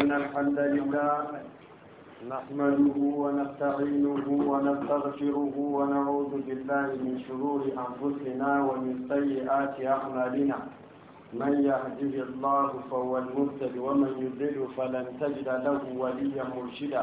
إن الحمد لله نحمده ونستعينه ونستغفره ونعوذ بالله من شرور أنفسنا ومن سيئات أعمالنا من يهده الله فهو المهتد ومن يضل فلن تجد له وليا مرشدا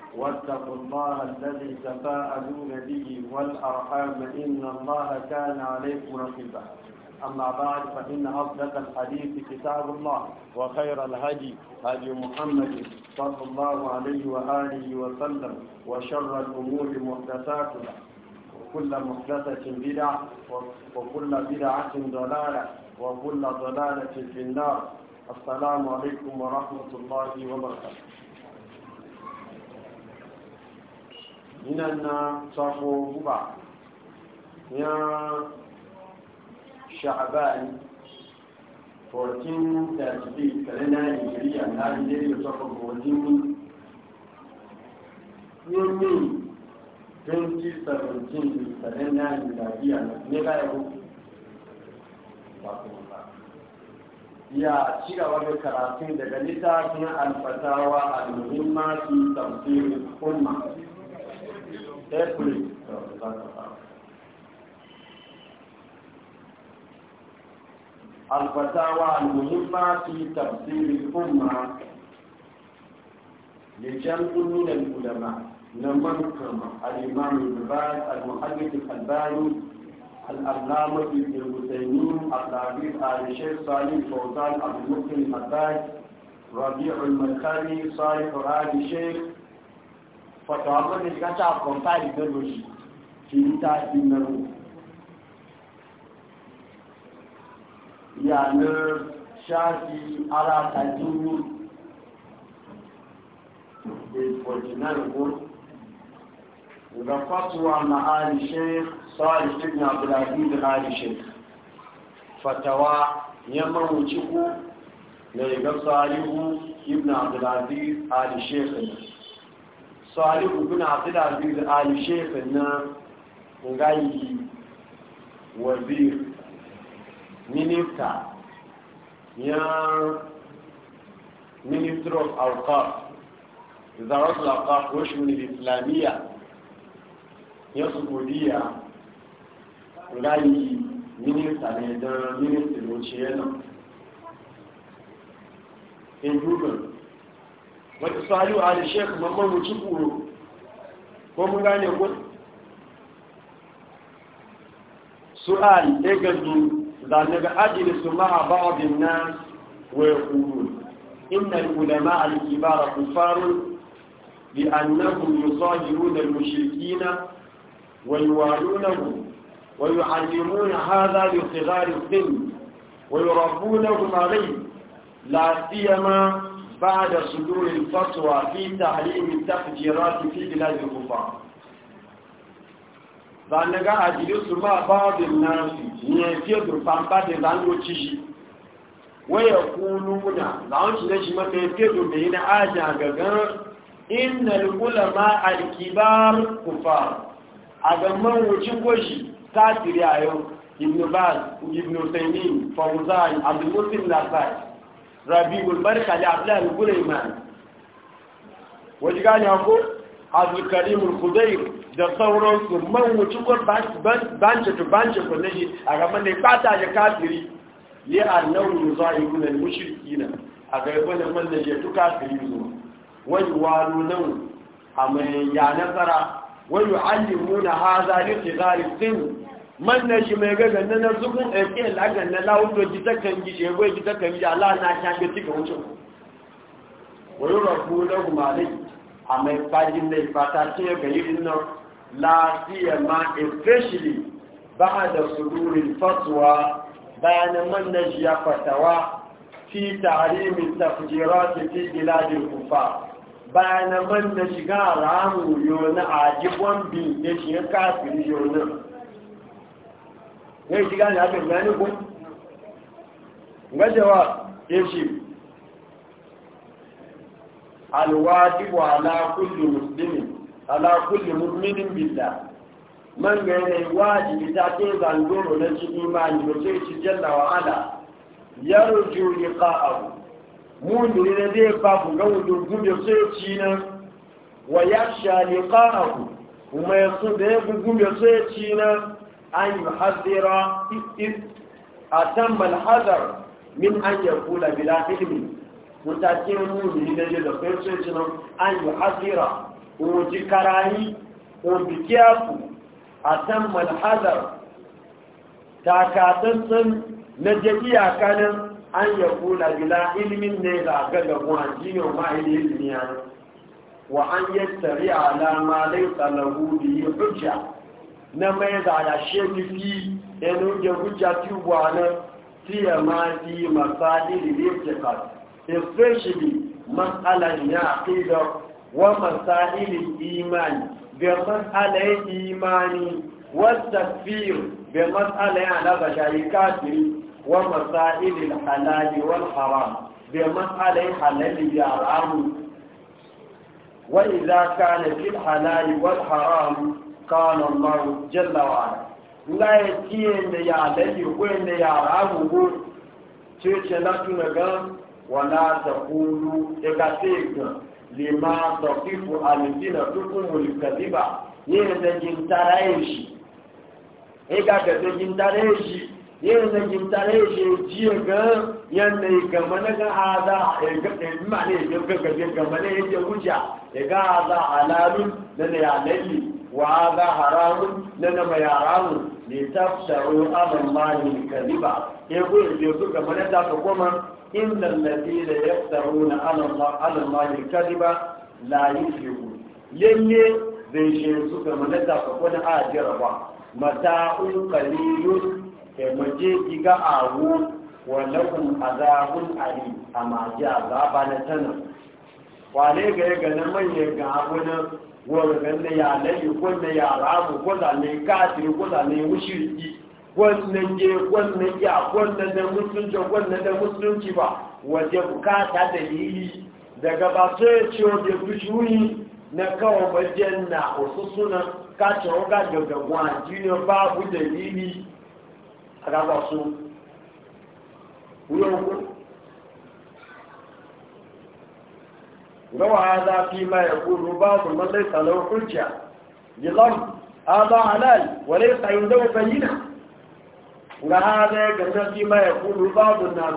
واتقوا الله الذي تفاءلون به والأرحام إن الله كان عليكم رقيبا أما بعد فإن أصدق الحديث كتاب الله وخير الهدي هدي محمد صلى الله عليه وآله وسلم وشر الأمور محدثاتها وكل محدثة بدعة وكل بدعة ضلالة وكل ضلالة في النار السلام عليكم ورحمة الله وبركاته ina na tsafo guba ya sha'abani 1438 kalenda nigeria na nigeria tsafo gobin yomi 2017 kalenda nigeria ne ga yau ya ci gaba da karatun daga littafin alfatawa al muhimmanci fi tafsirin umma الفتاوى المهمة في تفسير الأمة لجمع من العلماء نمر كما الإمام ابن المحدث الألباني الأعلام ابن الحسينين الطبيب آل الشيخ صالح فوزان أبو المحسن الحداد ربيع المدخلي صالح آل الشيخ fatawa gwamnati ka ta kwamfani da roshi shi ta fi na ru yanar shafi ara ta jini da kwajinari ko fatawa ya mawuci ku da ya ibn abdulaziz alishe ne salihu bin abdullah bin ali shefe na ngayi wazir minista ya minister of awqaf zarat al-awqaf wa shun islamiyya ya saudiya ngayi minista ne da minister wuce yana in wata salu a da shek mamman mutu kuro ko mun gane ku su'al ɗaya gazu da daga ajiyar su ma'a ba'abin na waya kuro inna ulama al-kibara kufarun bi annahum yusahiruna al-mushrikina wa yuwalunahum wa yu'allimuna hadha li sighari al-sin wa yurabbunahum alayhi la siyama بعد da الفتوى في تحريم التفجيرات في بلاد الكفار zanaga a jirisu ba babin nasu ne ke durfan fadin zanoci shi waya kuluna zanci na shi mafi fedo da yi na ajiya ga inal ulama alkibar kufar a gaman wucin goshi ta tiri a yau ibn baz ibn taimin fauzan abdulmutin rabi'ul barka da abdullahi gulaiman wajen gani karim al-khudayr da sauransu man wuce banje to banje ko neji a gaban da fata ya kafiri li annahu yuzahiruna al-mushrikina a gaban da man da ya to kafiri zo wani walu nan a mai ya nasara wani alimuna haza li tigali sin man na shi mai gaga na zukun ɗauke lagan na lawuto gita kan gi shegwe gita kan gi ala na ta ga cika wucin wani rabu na gumalai a mai fajin mai fata ce ga yi nan lafiya ma especially ba da sururin fatuwa bayan man na shi ya fatawa fi tarihin su fi giladin kufa bayan man na shiga ramu yau na ajibon bin da shi ya kafin yau ne shiga ne haka ina ne ko gajewa ya ce alwajibu ala kulli muslimin ala kulli mu'minin man ga ne wajibi ta ce zangoro na ci imani ba ci jalla wa ala yarju liqa'ahu mun ne zai fafu ga gube sai ci nan wa yakhsha liqa'ahu kuma yasu da ya gube sai ci nan an yi hazira is a can malhazar min an yi kula bila ilimi mutakin muni na yi da fahimcin cinan an yi hazira umarci karayi umarci kiyafu a can malhazar takatsantsan na jabiya kanin an yi kula bila ilimin ne da a ajiyar ma'ili ilimi yana wa an yi tsari alama laisa lahu biyu hujja na mai da alashe nufi yana oge hujja tubuwa na tmd masalin electrical especially matsalar ya aƙidar wa masalin imani da matsalar imani wata fiye da matsalar ya yi kafiri wa masalin halali wa haram da matsalar halali da al'amu wa iza na fi halali wa haram kana Allah jalla wa ala nga ya tiye ne ya dai ko ne ya rabu ko ce ce na tuna ga wala taqulu e ga tega lima taqifu ya wa ga haramun na na mai haramun ne ta tsaro abin mani kaliba ya kuwa je su ga mana ta ka koma inda lafi da ya tsaro na alin mani kaliba na yi fiye yanye zai shi su ga mana ta a kona a jiraba un kaliyu ke maje giga awu wa lakum azabun ali amma ji azaba na tanar kwale ga ya ganin manyan ga abunan wọ́n rẹ̀ ní yà lẹ́yìn kó ní yà ráàmù kó là ní káàkiri kó là ní wúṣìrìkì wọ́n ní yé wọ́n ní yà kó ní ní mùsùlùmí kó ní ní ba wọ́n jẹ́ bukata yìí daga tó yẹ tí o na kawo ba jẹ́ na òṣùṣù na káàkiri ó gàjọ gàgbọ́ àti ní bá wúyọ̀ نو هذا فيما يقول بعض من ليس له حجه بظن هذا حلال وليس عنده بينه وهذا كذا فيما يقول بعض الناس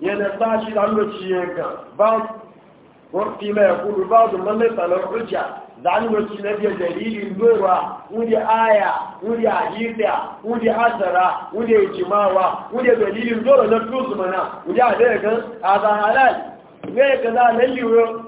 ينساشي عنه شيئا بعض وفيما يقول بعض من ليس له حجه ذلك وشي نبي دليل نورا ودي آية ودي عجيزة ودي أسرة ودي إجماوة ودي دليل نورا نفوز منا ودي عليك هذا حلال ويك هذا نلي ويك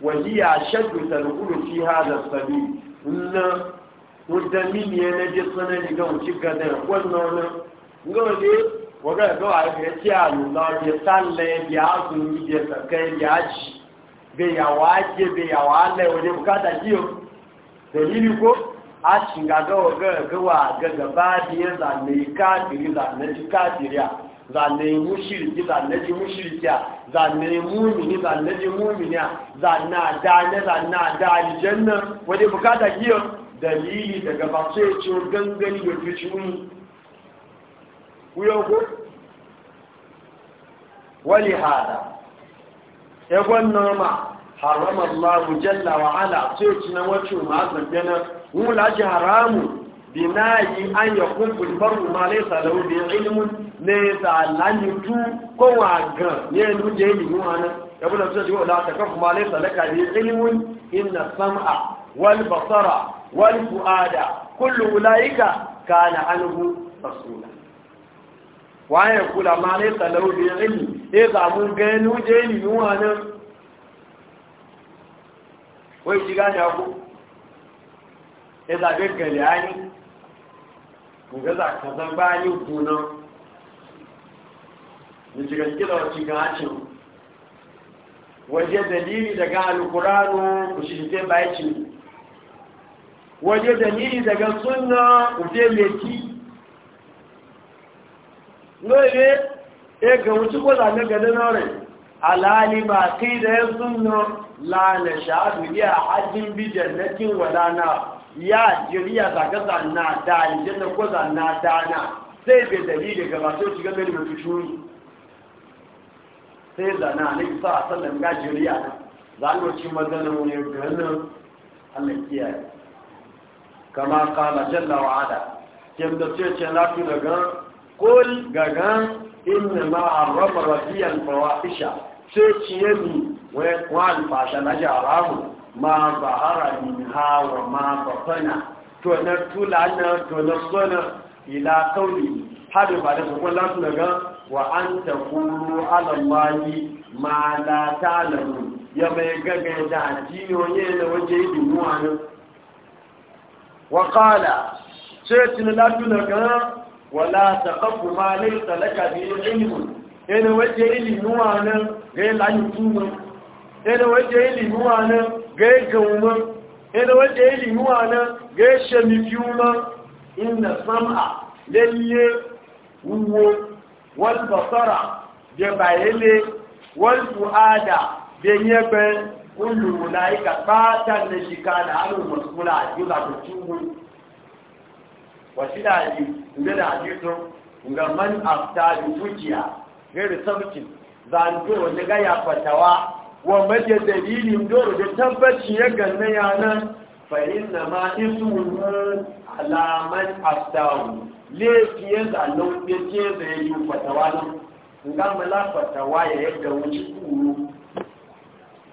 wahiya shaddu talqulu fi hadha sabil inna mudami ne na je sana ni ga uci gada wannan wannan ngole waga ga wa ya ci a lu da ya ya azumi ya sakai ya ji be ya waje be ya wale waje bukata jiyo dalili ko a shinga ga waga ga wa ga gaba biyan zanne ka biri zanne ka biriya zane mushirki zane ji mushirkiya zane mumini zane ji muminiya zane dane zane dali janna wadda bukata giyo dalili daga basu ya ciwo gangani da fi ciwuni wuyo wali hada ya gwanna ma haram Allah jalla wa ala sai ci na wacce ma zabbena wula ji haramu binayi an ya kumbul baru ma lai salawu da ilimin ne ta lanyu tu kowa gan ne luje yi yiwa nan ya bula su jiwa da ta kafu ma lai salaka da ilimin inna sam'a wal basara wal fu'ada kullu ulaika kana anhu rasula wa ya kula ma lai salawu da ilimi ne za mu ga luje yi yiwa nan wai shiga ne ku ya zaɓe gari ani kuga za ka zan bayan kunan da cikakkila wacce gacin waje dalili daga alkurano ku shirfe bayan waje dalili daga suna kuje leki ne, e ga wuce ko zane gada nore alali ba kai da na suna lana sha'adu iya hajjin bijan nakin wadana ya jiriya zagaza zanna da aljanna ko za na dana sai bai dalili ga ba sai shiga mai mutu sai zana ne sa a sallan ga jiriya na zanoci magana ne ganin Allah kiyaye kama kala jalla wa ala kim da ce ce na tu daga kol gaga inna ma harrama rabbiyal ce sai ciyemi wa alfasha na jaramu ma zahara ha wa ma fana to na tula na to na sona ila kauli hadu ba da kuma lasu daga wa an ta kulu ala allahi ma la ta'lamu ya mai gaga da ne na waje dimuwa ne wa qala sai tin lasu daga wala taqafu ma laysa laka bi ilmun ene waje ilmuwa ne ga lan tumu ene waje ilimin ne Gai gauma ina wanda ya limuwa nan ga ya shami fiuma inda sam'a lalle wuwo wal basara da bayele wal fu'ada da yebe kullu ulaika fatan na shika da alu masula a ta tubu wasi da yi inda da ajito ga man afta da fujiya gairu sabkin zanto wanda ga ya fatawa wa mace dalilin doro da tabbaci ya ganna yanan fa'in na ma isu alaman abdawu laifiyar da lauɗin ce da ya yi fatawa nan gamala fatawa ya yadda wuce kuro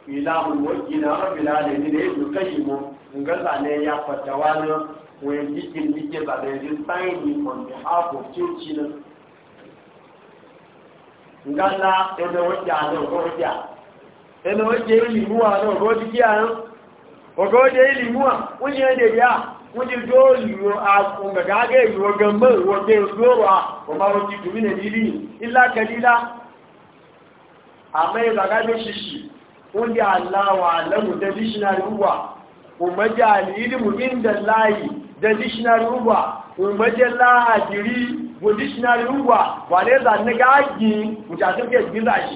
ilamun wakina rabila da ne da ya yi mu ga zane ya fatawa nan wani jikin jike ba da yanzu signing on behalf of church nan na ɗaya da wajen wajen ẹni wọ́n jẹ́ ìlìmúwà náà ọgọ́ ti kí àrán ọgọ́ jẹ́ ìlìmúwà wọ́n jẹ́ èdè yá wọ́n jẹ́ tó lùrọ àgbàgbà ìlú ọgọ́ mọ́ ìwọ̀gbẹ́ ìlúọ̀rọ̀ ọmọ ti dùn nílẹ̀ nílì ìlàkẹ́lílá àmẹ́ ìlàgájọ́ ṣìṣì wọ́n jẹ́ aláwọ̀ alẹ́mù traditional rúwà òmọ́jẹ́ àlìílìmù ìndẹ̀láyì traditional rúwà òmọ́jẹ́ láàdìrí traditional rúwà wà lẹ́zà nígbà ágìn ìjàsókè gbíláyì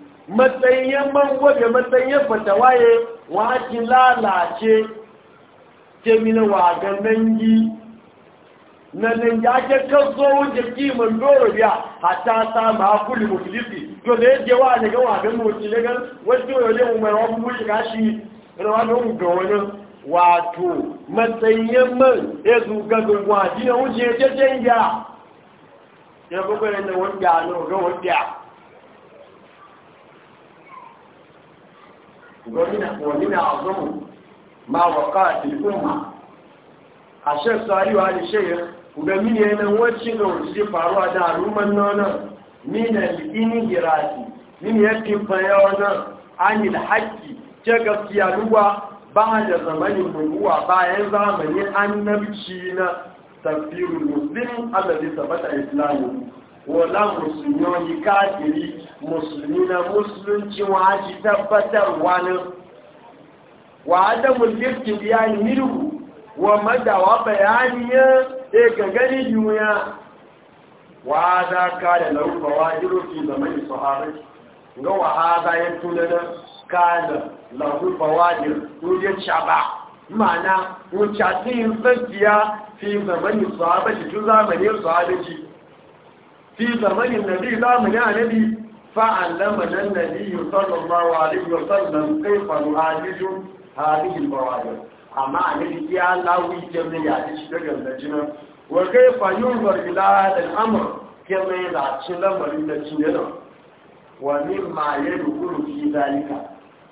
matsayin mango da matsayin fatawaye wa ki lalace ke mina wa ga nangi na nan ya ke kazo wuce kiman doro biya hata ta ma kulli mutilifi to da yake wa daga wa ga mutilifi ga wato ne mu mai wani mushi gashi rawa da mu ga wani wato matsayin man ya zuga gungwa dina wuce ya ce ya ya bugu da wanda no ga wanda ọ̀gọ́gínàzọ́mù máa wọ̀ká ìlúmà aṣẹ́sọ ayíwa lè ṣe yẹ ọ̀gọ́mí ni ẹni wọ́n tí ó sí faru adáàrú mọ́nà nínà ìní gíràtì nínà ẹ̀kí fẹ́yọ náà a nílẹ̀ haiti jẹ́ gafi alúwa bá jẹ zamani mọ̀lúwa bá ẹn zamani annabci na tafiru muslim adadi sabata islamu wọ́n lámùsùn yọ́ yí káàkiri musulmi na musulunci wa ji tabbatarwa wani wa adamul lifti biyani mirgu wa madawa bayani ya e ga gani duniya wa za ka da lauka wa da mai tsohari ga wa haza ya tunana ka da lauka wa jirufi ya caba mana wuce cikin tsakiya fi zamanin sahabaci tun zamanin sahabaci fi zamanin nabi zamanin nabi فعلمنا النبي صلى الله عليه وسلم كيف نعالج هذه البوادر اما عمل يا الله ويجمع يعني شكرا لجنا وكيف ينظر الى هذا الامر كما اذا من مريد ومن ما يدخل في ذلك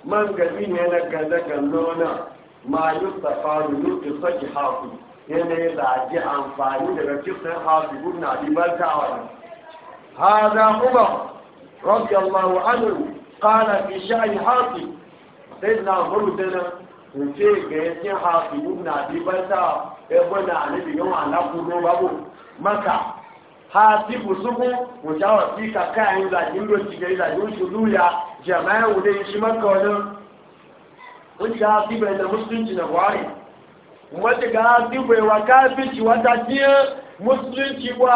من قدين هنا كذا كنونا ما يستفاد من قصة حافظ هنا يدعج أنفاني لكي حافظ ابن عدي بالتعوان هذا أمر fi hafi rg mmanwụ anụrụ kana pi nyị a de a-eye haa be a maka ha kaka tiụu ui edị atbewakaiiwata tiye muslicigbua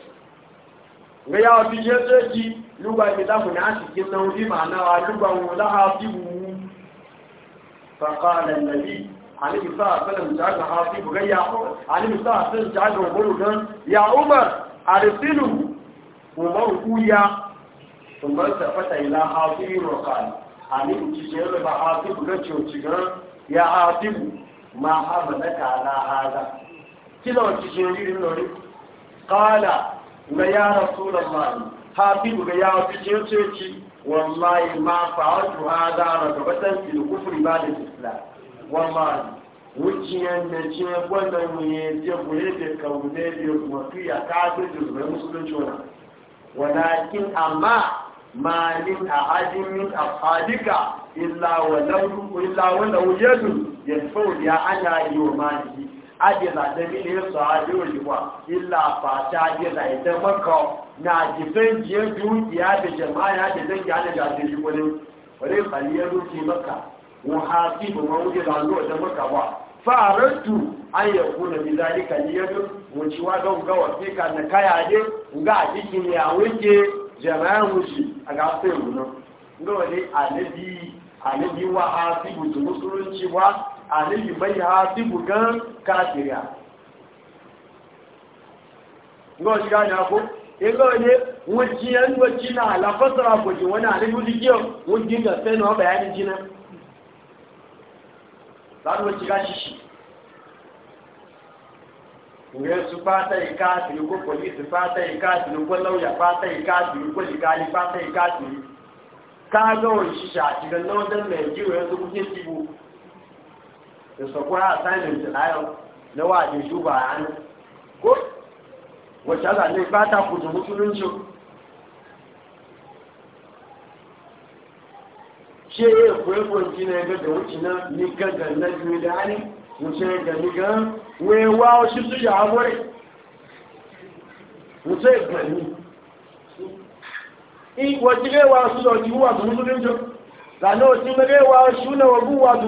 ga ya fi je soki lugba mi da kun ashi kin nan bi ma na wa lugba mu la hafibu fa qala an-nabi alayhi sallam ja ga hafibu ga ya ko alayhi ya umar arsilu umar kuya umar ta fata ila hafibu qala alayhi ci je ba hafibu ga ci ga ya hafibu ma habalaka ala hada kila wa na ya rasulullah hafizu ga ya fice ceci wallahi ma fa'altu da rabatan fil kufri da islam wallahi wuciyan da ce wannan mu ne je ku ne da kawo da kuma kiya ya kafin da musulunci wani. wadakin amma ma a ahadin min afadika illa walau illa walau yadu yadfau ya ana yumani na da bilin su a yiwuwa illa fata ajiyar idan maka na jifin jiyar dukiya da jama'a da dangi ana gajin yi wani wani kwaliyar rufi maka wuhasi ba mawuje da hannu wajen maka wa faratu an yi kuna ka zalika liyadu don gawa ka na kaya ne nga a cikin ya wuce jama'a wuce a gasar wunan gawa ne alibi nwa ha hasi mutu alayhi mai hasibu gan kafiriya ngo shi gani ako ego ne wuji yan wuji na ala fasara ko ji wani alayhi wuji kiyo wuji ga sai no bayani jina dan wuji ga shi shi nge su fata ikati ko polisi fata ikati ko lauya fata ikati ko likali fata ikati kaga wani shi shi a cikin lawan dan mai jiwo da sakwai assignment layon na wajen shuba a hannu ko wacce ala ne ba ta kudu musulunci ṣe yẹ kwekwen ji na ẹgbẹ́ da wuce na nika ga na biyu da hannu wuce ga nika ya wuri wuce ga ni ìwọ̀tíréwà sùlọ̀ ti wúwà tó musulunci lànà òtí mẹ́rẹ́wà ṣúnà ogúnwà tó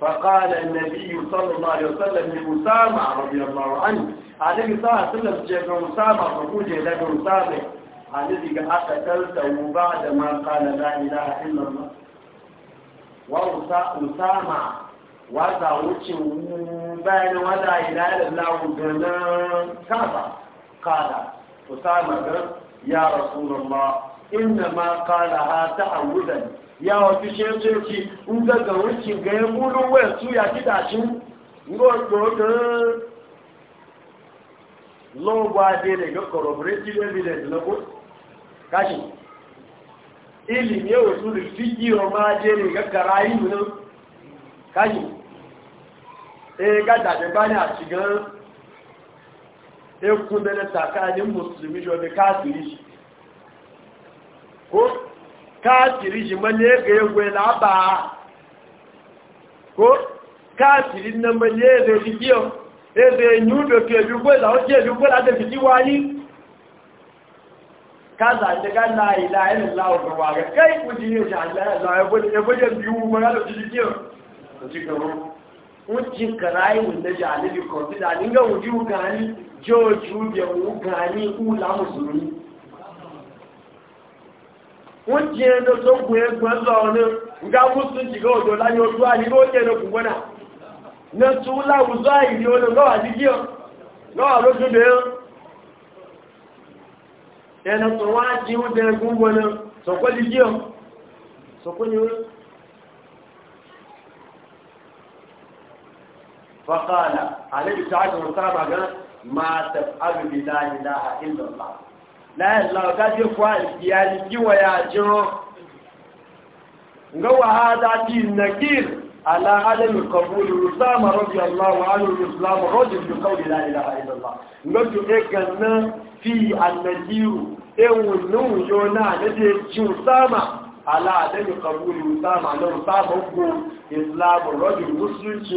فقال النبي صلى الله عليه وسلم لأسامة رضي الله عنه عليه الصلاة والسلام جاء أسامة فقول لك أسامة الذي أقتلته بعد ما قال لا إله إلا الله وأسامة وذا وجه بين ولا إله إلا الله كذا قال أسامة يا رسول الله إنما قالها تعوذا ya wasu shi yanzu ce in gaga wuce ga ya bulu waya su ya ci dashi ngogogon lọ́wọ́ dé lè yọ corroborative evidence lọ́kọ́ káṣì ilì ní ẹ̀wọ̀ tó lè fi jí ọmọ ajé lè gẹ́gẹ́ra ìlú náà káṣì ee gádàjẹ́ bá ní àṣìgán ẹkùn mẹ́lẹ́ta káà ní mùsùlùmí jọ ní káàkiri káàkiri jimale ga egwe laba ko káàkiri na mele eze fikiyo eze nyudo ke lugbo la oje lugbo la de fiki wani kaza de ga la ila wa ga kai ku ji ni ja ebo ebo je bi la ji ji o ji ka ro un ji karai un de ja le bi ko ti wọ́n jẹ́ ẹjọ́ tó gùn ọnụ lọ́ọ̀nà nga gúúsù jìgá òjò láyé ojú àyíkó jẹ́ ẹnokùn ní tún láwùzọ́ àìrí olè lọ́wà dídí ọ lọ́wà lójú bẹ́ẹ̀ ẹnu tó ọ jí ó dẹ ọ la gaje kwa iyali kiwa ya jiro ngawa hada ti nakir ala adam qabul usama radiyallahu anhu islam rajul bi qawli la ilaha illa allah ngatu ekanna fi an-nadir ewunu yona dade ji usama ala adam qabul usama la usama ko islam rajul muslim ci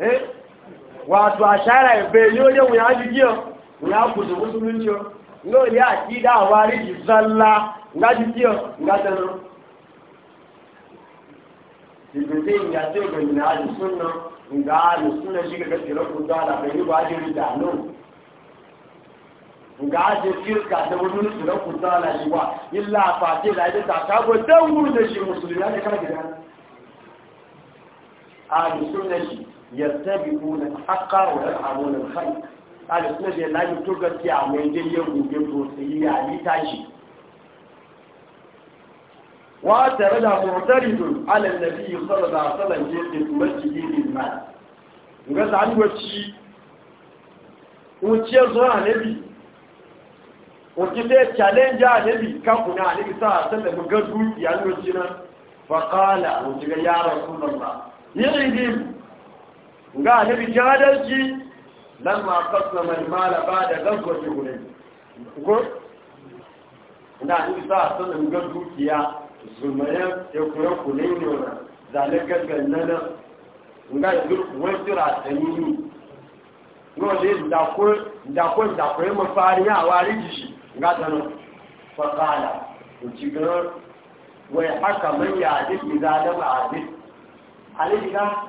Eh? wato a shara bai yi wajen wuya jijiyar wuya kusa a ƙida a wari ji zalla nga nga a nga ga gaskirar kudu ala bai yi wajen rida nga a je firka da wani kudu ala shi wa illa a ya don wurin shi musulmi yattabi'una al wa yal'amuna al-khayr sunna da lafi to gaskiya mai dai ya gobe ko ya yi tashi wa tare da mu'taridun ala nabi sallallahu alaihi wasallam je din ga challenge kan kuna sallallahu alaihi wasallam ga dukiya nan fa qala ga ya rasulullah ga annabi jadalci ma qasama mai mala da ghazwati hunayn ko na annabi sa sanin ga dukiya zumaya ya kura hunayn ne na zalika gannana ga duk wajira tanini ko le da ko da ko da ko mu fariya wari shi ga dano fa qala ci ga wai haka man ya duk zalama adil alika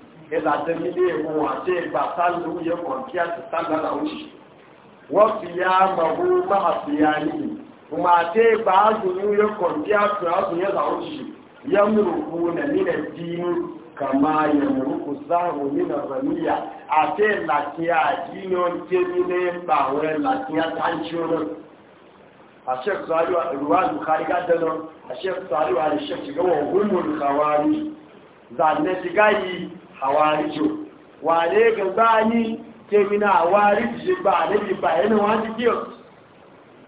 ẹ̀dà tẹ́lú ilé ìwọ̀n àti ìgbà sálù yẹ kọ̀ kí a ti sálù àlà òṣì wọ́n fi ya mọ̀wó máa fi ya yìí wọ́n àti ìgbà azùnú yẹ kọ̀ kí a fi azùn yẹ là òṣì yẹ múrùkú nà nílẹ̀ dínú kàmá yẹ múrùkú sáhùn nínà rẹ̀míyà àti ìlàkíyà àdínú tẹ́lú ilé ìgbà àwọn ìlàkíyà táǹkì الشيخ صالح رواه البخاري قدنا الشيخ صالح الشيخ جوا هم الخوارج زعلنا تجاي àwáríjò wà lẹ́gẹ̀ bá ní tẹ́mìnà àwáríjì ṣe gbà lẹ́jì bà ẹni wọ́n ti kí ọ̀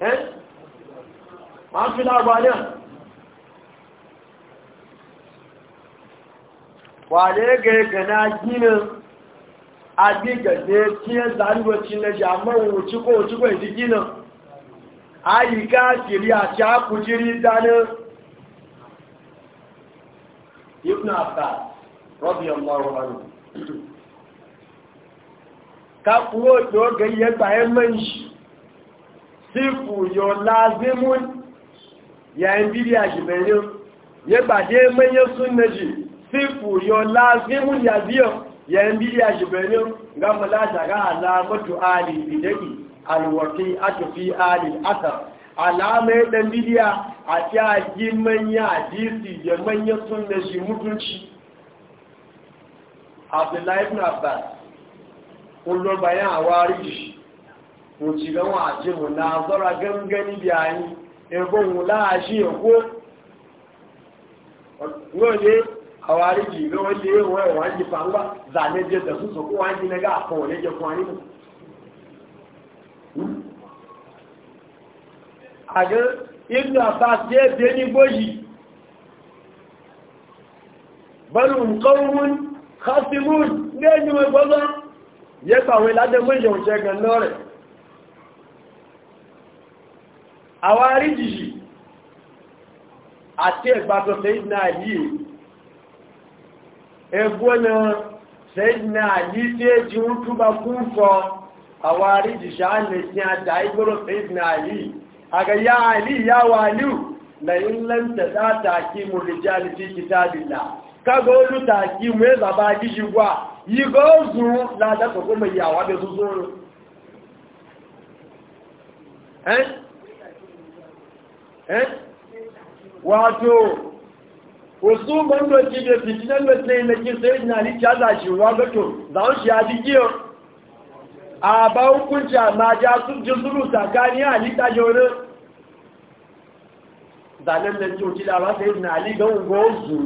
ẹ́ wọ́n fi lágbà náà wà lẹ́gẹ̀ gẹ̀nà gínà agbẹ́gẹ̀dẹ́ tí ẹ zàríwọ̀tí lẹ́jà mọ́wọ̀n òtíkò òtíkò ìdígínà àyíká radiyallahu anhu ka kuro to ga yadda ya man shi sifu yo lazimun ya yin bidiya shi bayan yadda ya manyan sunna ji sifu yo lazimun ya biyo ya yin bidiya shi bayan ga malata ga alamatu ali bidai alwaki atu fi ali asar alamai dan bí a ta ji manya hadisi da manyan sunna shi mutunci abdullahi ibn abbas kullum bayan a wari ko ci na zara gangani biyayi ebon wula a shi ya ko wani a ji ga wani yin wani wani fangba zane je da su na kásìmùn ní ẹni wọn gbọ́gbọ́ yẹ́pà àwọn ìlàdẹ̀ mọ́ ìyẹ̀wò ṣẹ́gàn náà rẹ̀ àwọn aríjìjì àti ẹgbàtọ̀ sẹ́yìnà yìí ẹgbọ́nà sẹ́yìnà yìí tí é jí ń túbà kún sọ àwọn aríjìjì ànìyàn àdá ìgbọ́rọ̀ sẹ́yìnà kaga olùtàkì mú ẹ̀zàbá jíṣi wà yígọ́ òzùn láàdẹ́kọ̀ kó mọ̀ ìyàwó abẹ́ tuntun rú wàtò òsùn mọ́ndọ̀ tí ilẹ̀ fìtí lẹ́lẹ̀ tí ilẹ̀ kí sẹ́ ìdínà ní kí ázà ṣe wá gọ́tò láún ṣe àdíjí ọ àbá òkúnṣe àmàjá súnjú súnú sàká ní àlítàjọ rẹ̀ zàlẹ́lẹ̀ tí òjìlà wá sẹ́ ìdínà àlígbẹ̀ òǹgọ́ òzùn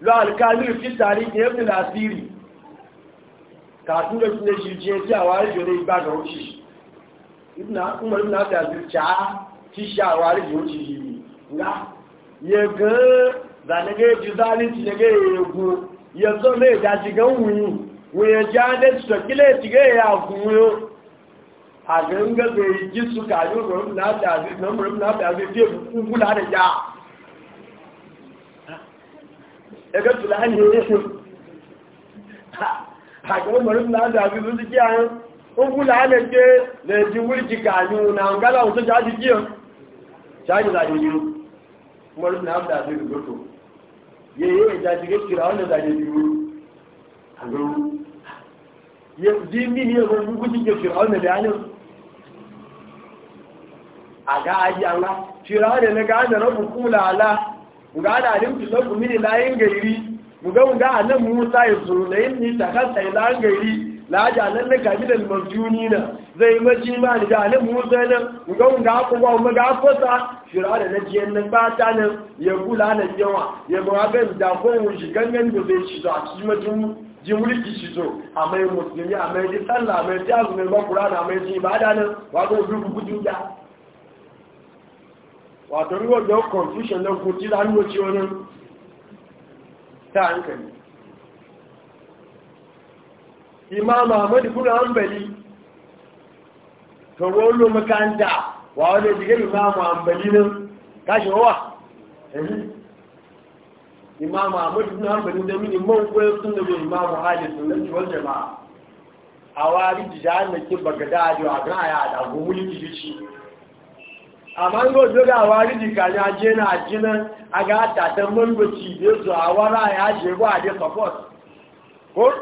lo alkaliru fi tarihi ibn al-asiri kàtún lè fún èjì jíẹ tí àwọn àríjòrè ìgbàgbà ó ṣìṣì ìbùnàkúnmọ̀ ìbùnà àtàzí ṣáá tí ṣe àwọn àríjòrè ṣìṣì ńlá yẹ gan zanege jùzálì ti lẹ́gẹ́ a yẹ tó lè dájí gan wùnyìn yi jẹ́ adé ti sọ̀kílẹ̀ na gẹ́ èèyàn àgùn yóò àgbẹ̀ngẹ́gbẹ̀ jísù kàyọ̀ ìbùnà àtàzí ẹgbẹ́ tùlá ní ẹ̀ṣùn àgbẹ̀wọ̀n mọ̀rún láàrín àbí ló ti kí àrùn ó kú pé lẹ́ẹ̀dì wíríjì kàánú na ọ̀gálà tó jáde kí ọ ṣáàjì láàrín yìí mọ̀rún láàrín àbí lòtò yẹ̀yẹ́ ìjáde kékeré ọ̀nà ìdájẹ́ Mu ga da alimtu lakum min ilahin gairi mu ga mu ga anan Musa ya da zo la inni takhasa ilahin gairi nan na laka min al na zai yi maci ma da anan Musa nan mu ga ga ku mu ga fasa shira da najiyan nan ba ta nan ya kula nan yawa ya ba ga da ko mu shi gangan da zai shi zo a cikin majun ji mulki shi zo a mai musulmi a mai ji sallah a mai ji azumi ba na a mai ji ibada nan wa ga duk gudu da wato riwa da confusion don kuti da hannu ci wani ta hankali imam Ahmadu kuna hanbali to wolo makanta wa wani jiga imam hanbali nan kashi wawa imam Ahmadu kuna hanbali da mini man koyar sun da bai imam hajji sun nan ciwon jama'a a wari jijayen da ke bagada a jiwa a gana ya da gumuli jijici amma ngo joga wari dika ya je na ajina aga ta ta mangoci da zo awara ya je ba da support ko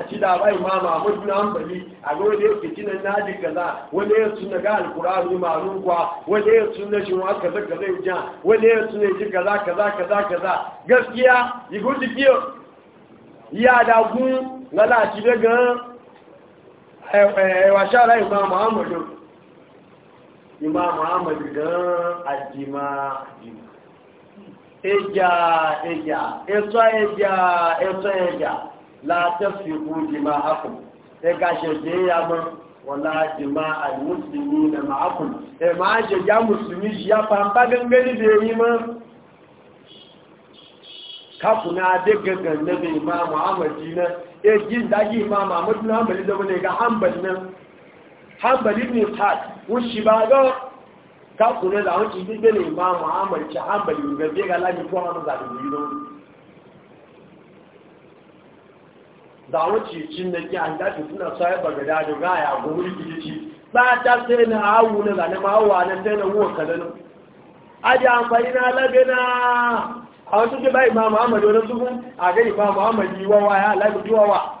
a ci da bai ma mahmud na ambali a gore da yake kinan na ji kaza wanda ya sunna ga alqur'ani ma'lum kwa wanda ya sunna shi wa kaza kaza ja wanda ya sunna ji kaza kaza kaza kaza gaskiya yi gudi kiyo ya da gun lalaci daga eh eh wa shara ma muhammadu imam ahmad gan àjìmá ẹjà ẹjà ẹtọ́ ẹjà ẹtọ́ ẹjà látẹ́fìkú jìmá akùn ẹka ṣẹ̀jẹ̀ yamọ́ ma jìmá àìmùsùlùmí nà máa ya ẹ máa ṣẹ̀já mùsùlùmí ṣíyá pàmpá gẹ́gẹ́ níbi èyí mọ́ kakuna dé gẹ́gẹ́ níbi imam ahmad jìnà ẹjì ìdájí imam ahmad náà ne ga hanbal náà hanbali ibn Ishaq wushi ba ga ka kuna da wuce gibe ne ma Muhammad ci hanbali ga be ga lafi ko hannu da dubi don da wuce cin da ki an dace suna sai ba ga dadu ga ya gori gidici ba ta sai na hawu na da ma hawa na sai na huwa kadan aje amfani na labena a wasu ke ba imam Muhammad wani su a ga imam Muhammad yi wawa ya lafi wawa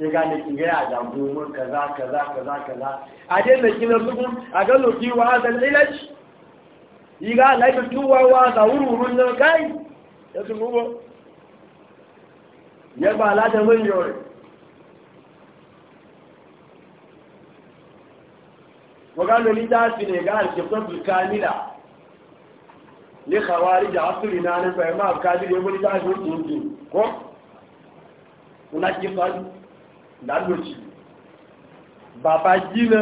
ya gane ki ga ya damu mun kaza kaza kaza kaza a dai da kina sukun a ga loki wa da ilaj yi ga laifin tuwa wa da wururun nan kai ya sun rubo ya ba la da mun yore wa ga lo litafi ne ga alkitabul kamila ni khawarij asrina ne fa ma kadir ya mun litafi ko kuna kifan lálòjì bàbá jìnà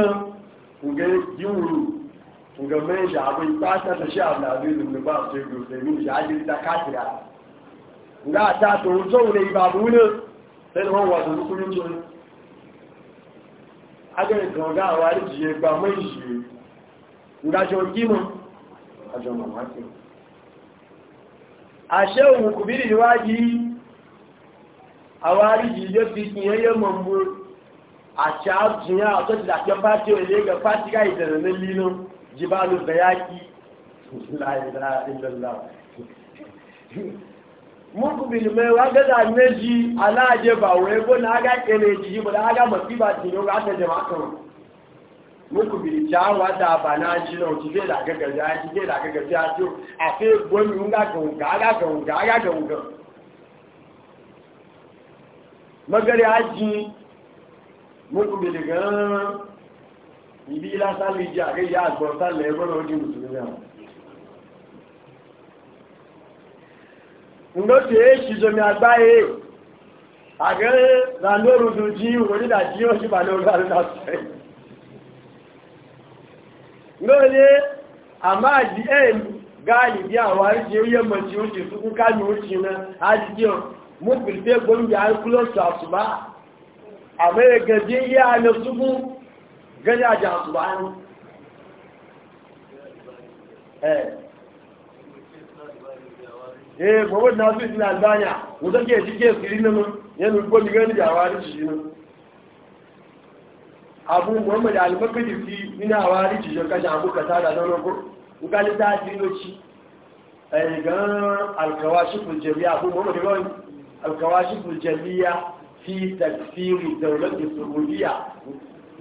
ǹgẹ́ yíwùrù ǹgẹ́ mẹ́jà àwọn ipá sẹ́sẹ̀ṣẹ́ àwọn àbílù nígbà tó gbò tẹ̀lú ìyájú ìta káàkiri ǹgá àtà tòun tó wùlẹ̀ ìbàbú ní tẹ́lẹ̀ wọ́n wà tòun kúrú tó agbẹ̀rẹ̀ gọ̀ọ̀gá àwọn àríjìyẹ gba mọ́ ìṣẹ́ ǹgájọ gímọ̀ àjọ màmá kí àṣẹ́ òun kùbírì níwájú yìí awari jijo bikin yayin mambo a ca jiya a tsoci da ke fati wa ga fati ga idan na lino jibalu bayaki la ilaha illallah mun ku bil mai wa ga da meji ala je ba na ga kene jiji ba da ga masiba ti yo ga ta jama'a kan mun ku wa da bana ji no ti da ga ga ja ti da ga ga ja a fe ga ga ga ga ga ga ga ga magari aji muku bèèrè gan-an ibi lásánlẹ̀ ìjà àríyá àgbọ̀nsánlẹ̀ ẹgbọ́n ọdí mùsùlùmí àwọn ǹdọ́tí èéṣì zomi àgbáyé àgẹ́rẹ́ randóòrùdù jí òwòrídà jí ó ṣùgbà ní orí àrídà sẹ́yìn lóòlé àmá àjí ẹ̀ẹ̀lú gáàlì bí àwọn àríjẹ́ ó yẹ́mọ̀ tí ó ti fún káàlù ó ti rán àjíjẹ́ mú pèsè gbóúnjẹ àríkúlọ́sù àṣùbá àmẹ́rẹ̀ gẹ̀ẹ́dẹ́ yí ààrẹ ṣubú gẹ́lẹ́ àjà àṣùbá ní ẹ̀ ẹ̀ mọ̀wọ́n náà sí ìsinmi àgbáyà mo tọ́kẹ́ ìdíkẹ́ ìsìrí nínú yẹnu gbóni gẹ́lẹ́ àwọn àríṣìí nínú abu muhammad al-makadi fi nínú àwọn àríṣìí yọ kájà àbúkàtà àdánọ́gbó nkálítà àti ìlọ́chí ẹ̀yìn gan alkawa ṣùkùn jẹ̀rí abu muhammad rọ́yìn الكواشف الجلية في تكفير الدولة السعودية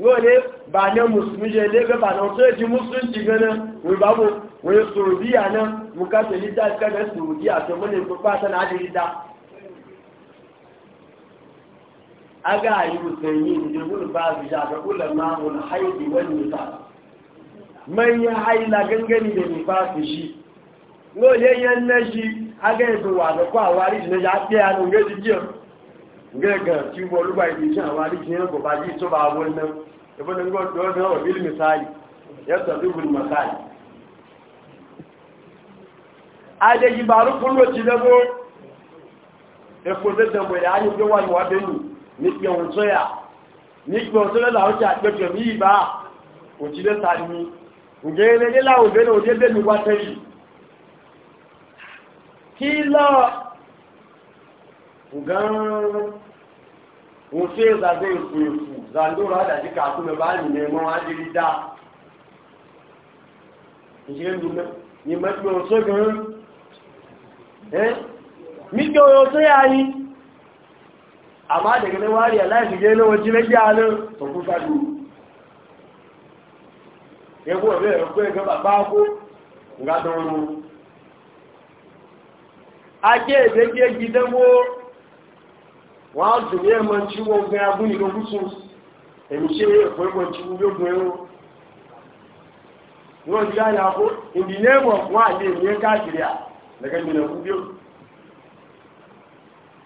wọ́n bá ní musulmi jẹ́ ilé gẹ́bà náà tó èjì musulmi ti gẹ́nà wíbáwò wọ́n sòròdíyà náà mú ká tẹ̀lítà ìkẹ́gẹ́ sòròdíyà tó mọ́ ní pípa tánà àdìrídá aga ayyubu sanyi da wuri ba su shafa ulama wani haidi wani da wà lọ́pọ̀ àwọn ya a lóòrẹ́ ti jíọ̀ gẹ́gàn tí wọ́n olúgbà ibi a àwọn àríjìnà kò bá jí tó bá wọ́n náà ẹgbọ́n ní gbọ́dọ̀ ọ̀dọ̀ ọ̀dọ̀ mẹ́sáàlì yẹ́sọ̀ tó gùn mẹ́sáàlì adéjìbàrú fún ló ti lẹ́gbọ́ ẹ̀kọ́ tẹ́tẹ̀ bẹ̀rẹ̀ ayé pé wà níwá bẹ́nu nípi ọ̀hún sọ́yà nípi ọ̀hún sọ́yà láwọn ti àpẹẹkẹ̀ mí ìbá òjìlẹ́ta ni ǹjẹ́ ẹgbẹ́ láwọn òbẹ́nu òjẹ́ bẹ́nu kila gan ofe zage efu efu zandoro adaji ka akume ba ni ne mo adiri da nje ndume ni ma ti o so gan eh mi ke o so ya yi ama de gele wari ala ti je lowo ji leje alo to ku sa du ewo be o pe ajé èdèdé jìdánwó wọ́n tún ní ẹmọ tí wọ́n gbẹ́ agún ìlógúsùn èmi ṣe ẹ̀kọ́ ẹmọ tí wọ́n yóò gbẹ́ ẹ̀rọ wọ́n ti láyé àkó ìdílẹ́mọ̀ wọ́n àti ènìyàn káàkiri à lẹ́gẹ́ mi lẹ́kú bí ó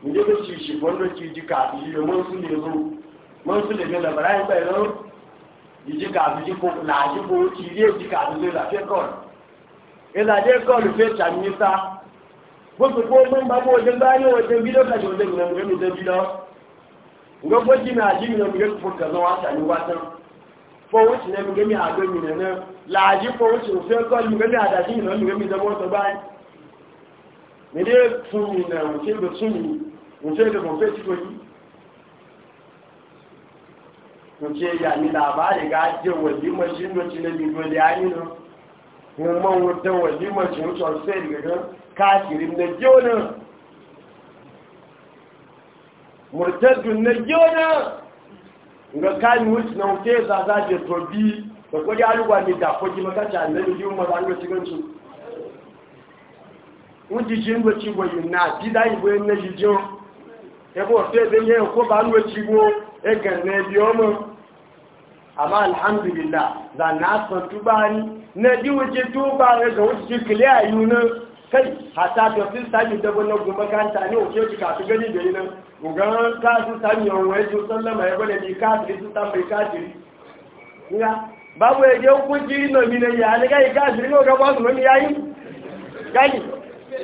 nílé tó ti ṣìbọn ló ti jí kààbí yíyọ mọ́ sí lè rú mọ́ sí lè gbẹ́lẹ̀ bàrá ẹgbẹ́ ẹ̀rọ ìjí kààbí jípo làájípo ti ilé ìjí kààbí lè rà fẹ́ kọ́ọ̀lù ìlàjẹ́ kọ́ọ̀lù fẹ́ tàbí ní sáà wasu ko mun ba ko wajen gani wajen bidiyo ka wajen gina mu gani wajen bidiyo ga gwaji na ji mina mu gani fuka zan wata ni watan ko wuce ne mu gani a gani ne na laji ko wuce mu sai ko mu gani a da ji mina mu gani zama wata bai ne dai tuni na mu ce da tuni mu ce da mu sai ci goyi mu ce ya ni labari ga ajiyar wọn mọ́ wọn dán wọn yí mọ̀ tí wọ́n sọ sẹ́ẹ̀lì na káàkiri nàíjọ́ náà mọ̀tẹ́dùn nàíjọ́ náà nga káàkiri wọ́n náà tẹ́ zaza jẹ tó bí ọkọ̀dé alúwà ní dàkọ́jí mọ́kàtí àlẹ́lẹ́ yíò mọ́ na tí wọ́n na ji wuce tuba ga wuce cikili a yi nan kai hata da sun sami dabo na goma kanta ne wuce ka fi gani da yi nan gugan kasu sami yawon su ya gwada bi kasiri su san bai kasiri ya babu ya je hukunci na mina ya ni gai kasiri ne ga kwasu mami ya yi gani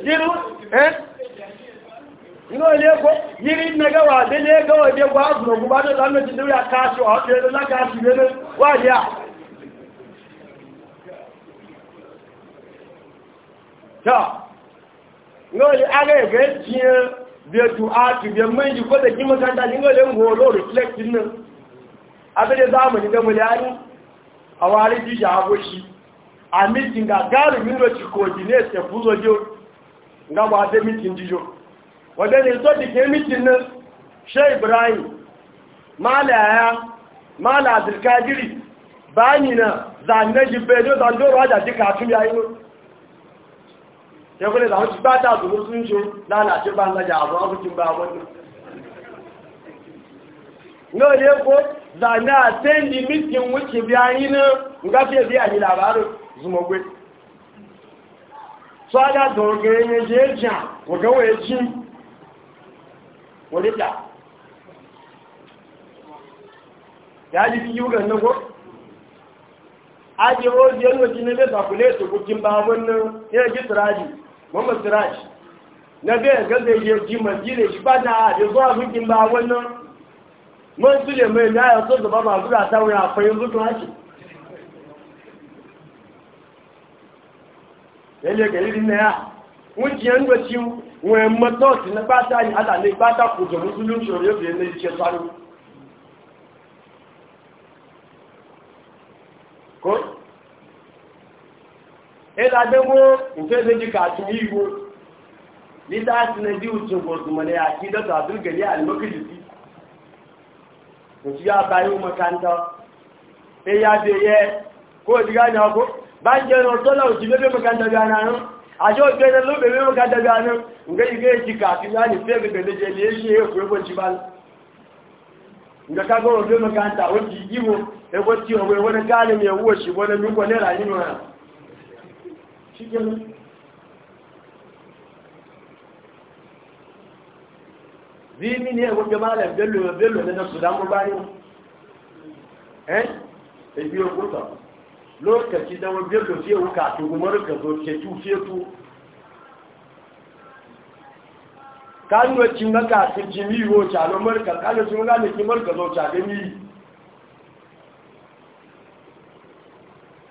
jiru eh ino ile ko yiri na dele a kasu a kasu ta ngoli aga ga jiya da tu a ki da mun ji ko da kin makanta ni ngoli ngo lo reflect din abin da zamani da mulani a wari ji jago shi a mitin ga gari min da coordinate ya fuzo jo ga ba da mitin ji jo wanda ne so dike mitin nan Sheikh Ibrahim malaya mala Abdul Kadiri bani na zanne ji bedo zandoro da dika tun yayin ya kwale da hajji ba ta zuwa sun ce lalace ba na jabu abokin ba wani no ne ko zane a sai limitin wuce biya yi na gafe biya ni labarin zuma gwe so ada da ogere ne je jan waga waye ji wani ta ya ji muhammad siraj na gaya gaza ya ji madina shi ba da ba wannan man mai so gaba ta wuya fayin na ya na eladewo nfeze ji katun igbo litasi na ji ka gosumane a ki dr abdul gali alimokilisi òtí yá báyé mọ́kántọ́ ẹyà dé a kó o ti gá ní ọkó bá ń jẹun ọ̀tọ́lá òtí lébé mọ́kántọ́ bí aná rán àṣọ òtẹ́lẹ̀ ló bèbé mọ́kántọ́ bí aná ǹgẹ́ cikin zini ne wajen malam bello bello na su damu bari eh ebi okuta lokaci da wajen bello fiye wuka to gumar ka zo ke fetu. kanuwa cin maka ta jimi wo calo marka kanuwa cin maka ta jimi wo calo marka zo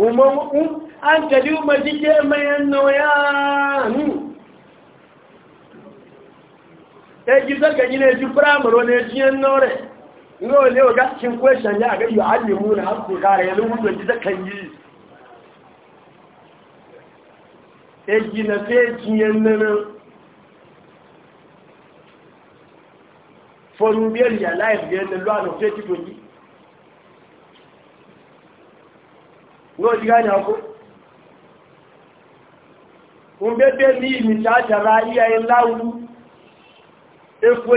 umaru an tabi majike mai nauya nu ta ji zaka yi ne ji firamaro ne ji yan nore yau ne wa gaskin kweshen ne a ga yi alimu na haku kare yalu wujen ji zaka yi ta ji na fekin yan nanan forubiyar ya laif da yan naluwa na fekin no ji gane ni mi ta jara iyaye lawu efo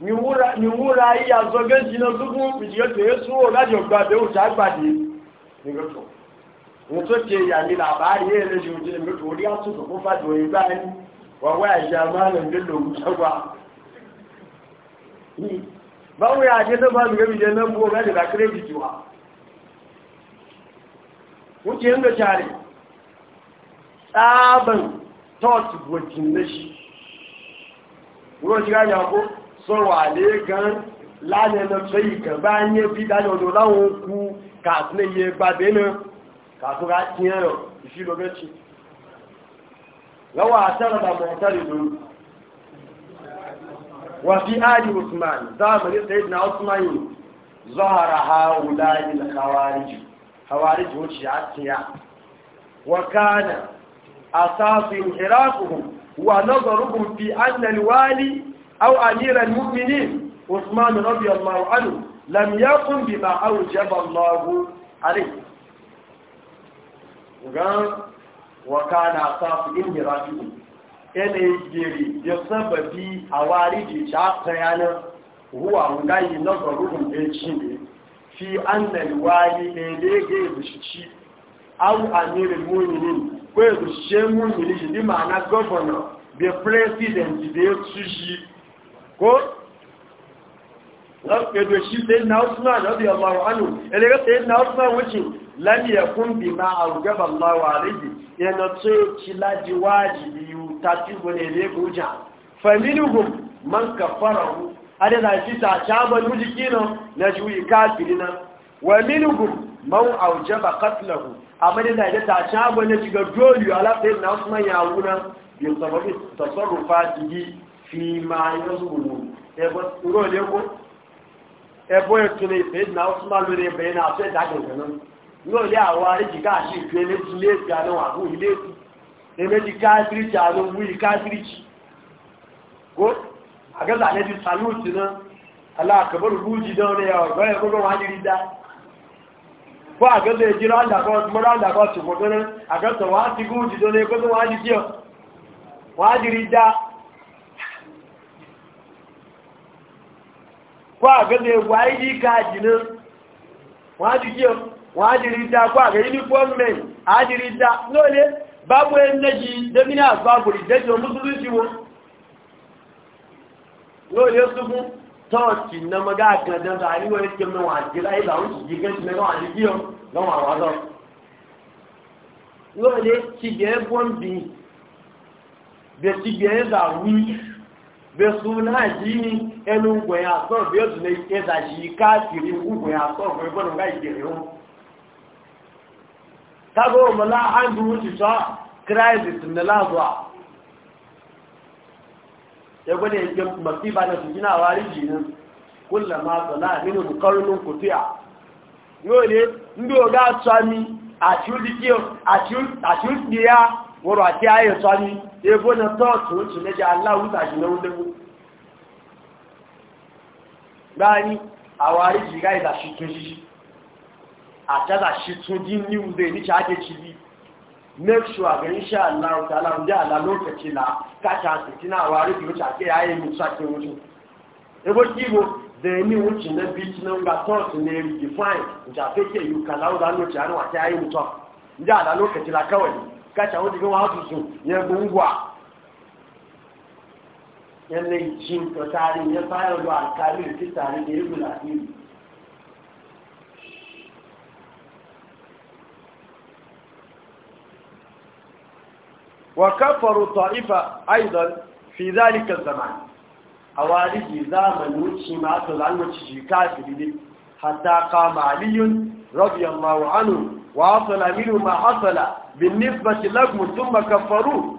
ni wura ni wura iya zo geji na zugu mi je te su o lajo gba be o ta gba di ni go to mo to je ya ni labari e le ni wa wa ja ma le le lo ku sawa báwo yà á wuce yin da share tsaban tot wajen na shi wuro shiga ya ko sọrọ àlé gan lálẹ́ lọ sọ ìkàn bá ní ẹbí dájọ́ ọdún láwọn okú kàtún iye gbàdé náà kàtún ká tí ẹ̀rọ ìfìlọ́gẹ́tì lọ́wọ́ àtẹ́rọ̀dà mọ̀ọ́tẹ́rẹ̀ lórí wà fi áàdì usman záàmù ní sẹ́yìn usman yìí zọ́hara ha wùlá ilẹ̀ kawárí hawari zuciya tiya wa kana asasu inhirafuhum wa nazaruhum fi anna alwali aw amira almu'minin usman radiyallahu anhu lam yakun bima awjaba Allah alayhi wa kana asasu inhirafuhum ene yeri ya sababi hawari ji ta tsayana huwa ngai nazaruhum fi chin fi annal wali ne da ya ga yabushi au amirin muminin ko yabushe mumini shi lima na governor the president da ya su shi ko ɗaukedo shi sai na usman rabi allahu anu ɗaga sai na usman wuce lamiya kun bi ma a gaba allahu alaihi yana tso ci laji wajibi ta ci gwane ne guja faminuhun man kafara ada na shi ta shaban mujiki nan na juyi kafiri nan wa minhum man aujaba qatlahu amma da ya ta shaban na shiga dole ala sai na Usman ya wuna bi sababi tasarrufatihi fi ma yazulu ebo ro le ko ebo e, e tuni sai na Usman lo re bayana sai da ga nan lo le awari ji ka shi fe ne ti le ti ana wa ku ile meji kafiri ti ana wi kafiri a ga zane ji saluti nan Allah ka bar buji don ne yawa ga ya gogo wani rida ko a ga zai jira Allah ko kuma ran da ko su gogo nan a ga ta wati buji don ne gogo wani kiyo wani rida ko a ga zai wai ka jinin wani kiyo wani rida ko a ga uniform men wani rida dole babu yan naji da mina babu yóò lé sunkún tọ́ọ̀tì nàmọ́ gáàkan àníwọ̀ ní kí wọn àti láyé làwọn ti jí gẹ́sì náà wà ní lọ́wọ́ àwọn lọ. yóò lé tìgbẹ́ bọ́ǹbì bẹ́ẹ̀ tìgbẹ́ là wí bẹ́ẹ̀ sùn náà jí ní ẹnu gbọ̀nyà sọ̀ bẹ́ẹ̀ sùn lẹ́yìn ẹ̀dà yìí káàkiri gbọ̀nyà sọ̀ gbọ̀nyà gbọ̀nyà ìjẹ̀rẹ̀ wọn. tábọ̀ mọ́lá andrew ti sọ christ nílá zuwa na gwada masifa na su gina wa riji nan m ma tsala minu bukarnin kutuya yau ne ndị oga tsami a cikin ya wuru a ti ayi tsami e na tọ́ọ̀tù oṣù lẹ́jẹ́ aláwùta jù lọ́wọ́ gbáyé àwọn arìjì gáìdà ṣìtún yìí àjádà ṣìtún dín ní uze ní ṣìlì make sure ga insha Allah ta'ala mun ji kacha lokaci na ka ta a wa rubi wuce ake a mu sake wuce e go kibo da ni wuce na beach na ga thought ne define ja fake you can allow that lokaci ji kawai ka ta wuce ga وكفروا طائفة أيضا في ذلك الزمان أوالي زامن وشي ما أصل عن وشي كافر حتى قام علي رضي الله عنه وحصل منه ما حصل بالنسبة لكم ثم كفروا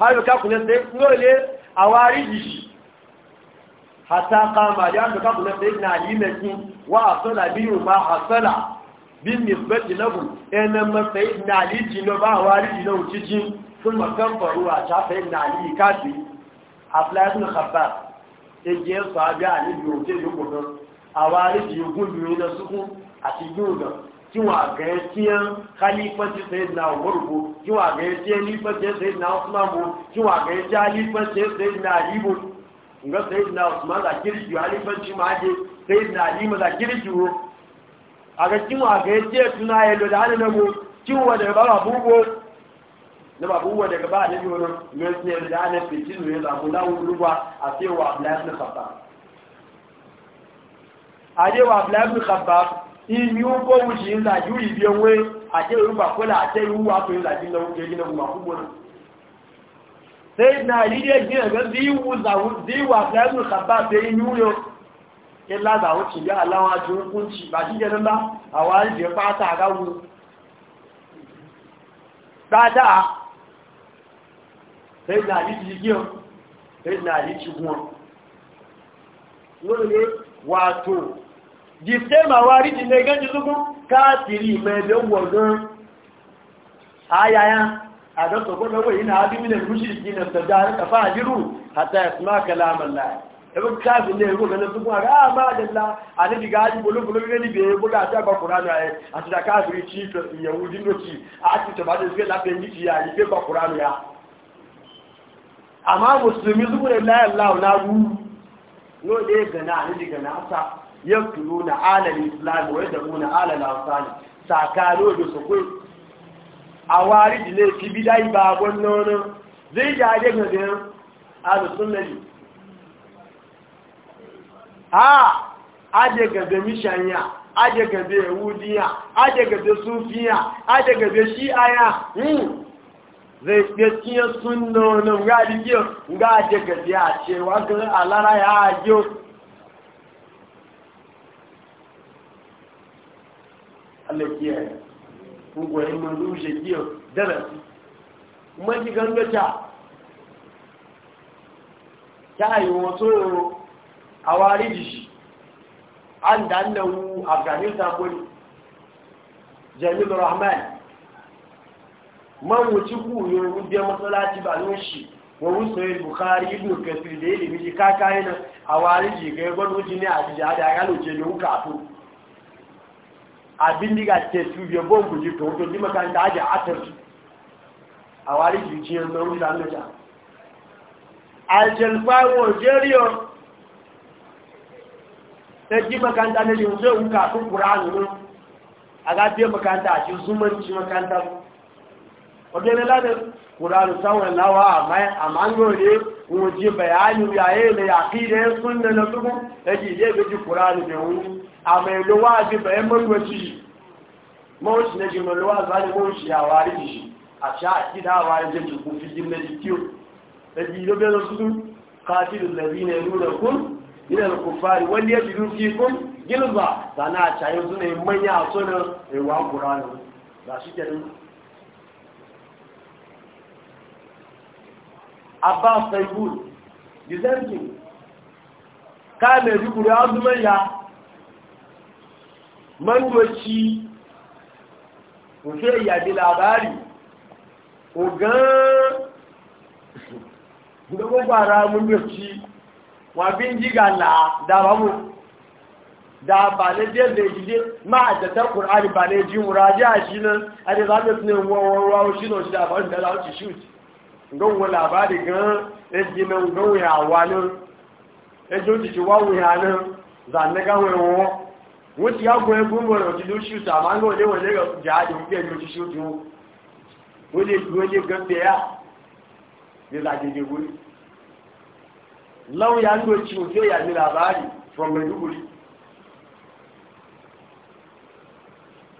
هذا كفر كافر نقول أواريجي حتى قام علي هذا كفر نقول علي مكين وحصل منه ما حصل بالنسبة لكم إنما سيدنا علي جنوبا أواريجي لهم sun makamfaru faruwa ta na aliyu kashi a flatin habbar ege su abi a níbi a wá rí ti na sukun àti yóògàn tí wọ́n àgẹ́ tí ń kálífẹ́tì sẹ́yìn na òmòrùkú tí wọ́n àgẹ́ tí ń lífẹ́tì na osmanu tí wọ́n àgẹ́ tí alífẹ́tì sẹ́yìn na alibu nga sẹ́yìn na osman la kiriki alífẹ́tì máa jẹ sẹ́yìn na alimu la kiriki wo àgẹ́ tí wọ́n àgẹ́ tí ẹ̀ tún náà ẹ̀ lọ́dà á nínú wo tí wọ́n dẹ̀ bá da ba buwa daga ba da biyu nan mai da ana fitin ne da mu lawo ruwa a cewa Abdullahi ibn Khabbab a cewa Abdullahi ibn Khabbab in yi ko wuce da yuri biyan wai a ce ruba kula a ce ruwa to yana jin lawo ke gina kuma kuma sai na liye gina ga ziwu zawu ziwu ya Allah wa ji sai na yi ti yi sai na yi ti gun lórí wàtò dìtẹ́mà wa rí ti lẹ́gẹ́ ti lókún káàkiri mẹ́bẹ̀ wọ̀gán ayaya àdọ́tọ̀ gbọ́dọ̀ wẹ̀ yìí na abímílẹ̀ rúṣìlì na tọ̀dá kàfà àjírù ga aji kalamanla ẹ̀rọ káàkì be ẹ̀rọ da tó kún àrá máa dẹ̀lá àníbìgá ájú bolóbolo gẹ́gẹ́ níbi ẹgbó láti agbàkùnrà náà ẹ̀ àti ìdàkáàkiri tí ìyẹ̀wò dínlọ́tì ni tọ̀bádẹ́síkẹ́ lápẹ́ ni ti àyíké gbàkùnrà ya. amma musulmi zuburin layar laulawu no da ya gana a niji gana sa ya turo na alar islam wai da muna hausa ne sakaro da su kwai a wari ne fi yi ba gwannonin zai jade ga na alusunari ha aje gabe mishanya aje gabe yahudiya aje gabe sufiya aje gabe shi'aya hmm. zai gaskiyar sunonin ga rigiyar ga da gajiya cewa ga alara ya ajiyo alakiyar ugwayin mazu an da afghanistan kuli jamil rahman man wuce ku yau rubiya masalaci ba nun shi wa wusayi bukari ibn kasir da ilimi ji kaka yana a wari ji ga yagon wuce ne a jiya da ya luce da wuka ato abin diga ke su biya bon guji to wato ji makaranta aji atar su a wari ji ji yanzu wani da annaja aljalfa wajeriyo ta ji makaranta na yanzu wuka ato kuranu a gafiyar makaranta a cikin zumanci makaranta wajen ladar ƙuranu sauran lawa a mangore waje bayani ya sunna na tuku da ke zai gaji ƙuranu da wuri a mai lowa ji bayan marwaci mawuci na jimar lowa za wari da shi a sha a kida a wari da ke kofi jim na jikiyo da ina da kufari wanda ya jiru fi kun gilba sana a cayin suna yi abbas saibul the same thing ka mai rikuri azuman ya mandoci rufe yadi labari ogan gbogbo gbara mandoci wabin jiga la dabamu da ba na biyar da jide ƙur'ani ba na ji muraji a shi nan a da zaɓe su ne wawarwa shi na shi da ba shi da za su shi gawo labari gan eji na gawo ya wa nan eji o titi wa wuya nan zanne gawo ẹwọ wọ́n ti yàgò ẹgbùn wọ̀nà ti ló ṣíùtù àmáńgọ́ ilé wọ̀n lẹ́yọ̀ jáde wípé ẹni oṣù ṣíùtù ó lè dúró lé gan tẹ́ à ní làdèdè wọlé lọ́wọ́ ya ń lo ṣíùtù yà ní làbáàrí from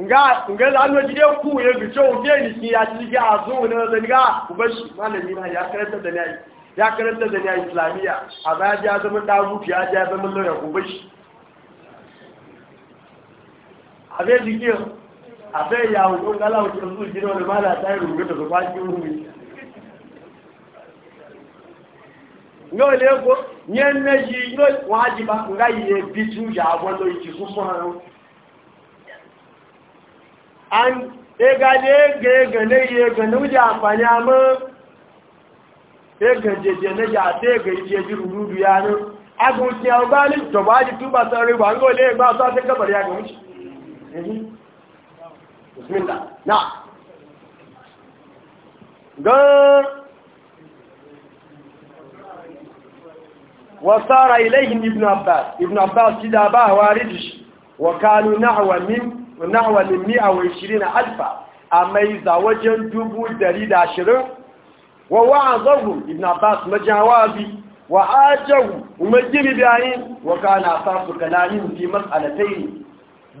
nga nga lanu jide ku ya bi cewa ke ni ki ya ci ga azu ne da ga ku ba shi malami na ya karanta da nayi ya karanta da nayi islamiya a ba ya zama da ku ya ya zama lawyer ku ba shi bashi abe dike abe ya wu ga lawo ki zuwa jide wala mala ta yi rubuta da kwaki ruwi ngo le ko nyen ne ji no wajiba ngai ye bitu ya wando yi ku so hawo an egade gege ne yege ne wuce amfani amma ege jeje ne ya te ege ije ji ruru ya ne agun ti a ba ni to ba ji tuba sare ba ngo le ba so te gabar ya ga wuce bismillah na ga وصار إليهم ابن عباس ابن عباس كده باه واردش وكانوا نحو من nahwalin mi'a wa ishirin alfa a mai wajen dubu dari da ashirin wa wa'azahu ibn abbas majawazi wa ajahu umajini bayin wa kana safu kalamin fi mas'alatayn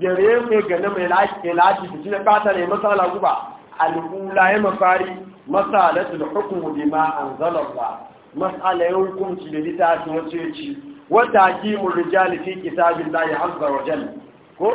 gare ne ga mai lafi lafi da cikin fata ne masala guba al'ula ya mafari masalatul hukmu bima anzalallah masala ya hukunci da littafin wace ci wata kimul rijali fi kitabillahi azza wa jalla ko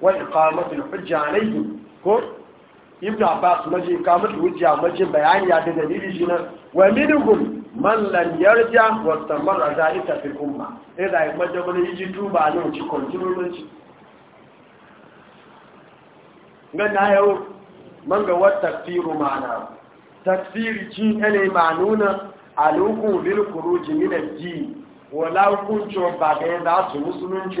wal’ikamatul hujja na yi ko ibna ba su maji ikamatul hujja majin bayani ya dina liri shi nan wa minigun mallan yarja wata mara za a tafi kuma ina yi majabar yi ji tuba a yau ci kontinuwanci gana yau man ga wata tafiru mana tafiri ci ne ma nuna a lokun bilkuru jimilar ji wa laukun co ba ga yadda su musulunci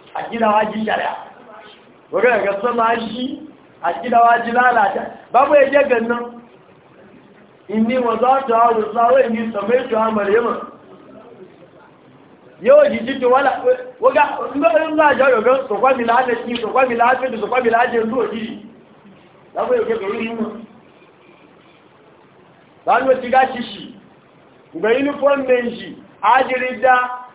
a gidawa ji shari'a wurin ga sama shi a gidawa ji lalata babu ya je gannan inni wa za ta haru tsawon inni samai tuwa maryama yóò jìjì tí wọ́n wọ́gá ńlá àjọ yọ̀gán sọ̀kwámìlá àtẹ́sí sọ̀kwámìlá àtẹ́sí sọ̀kwámìlá àjẹ́ ìlú òjìjì lábẹ́ òkè pẹ̀lú inú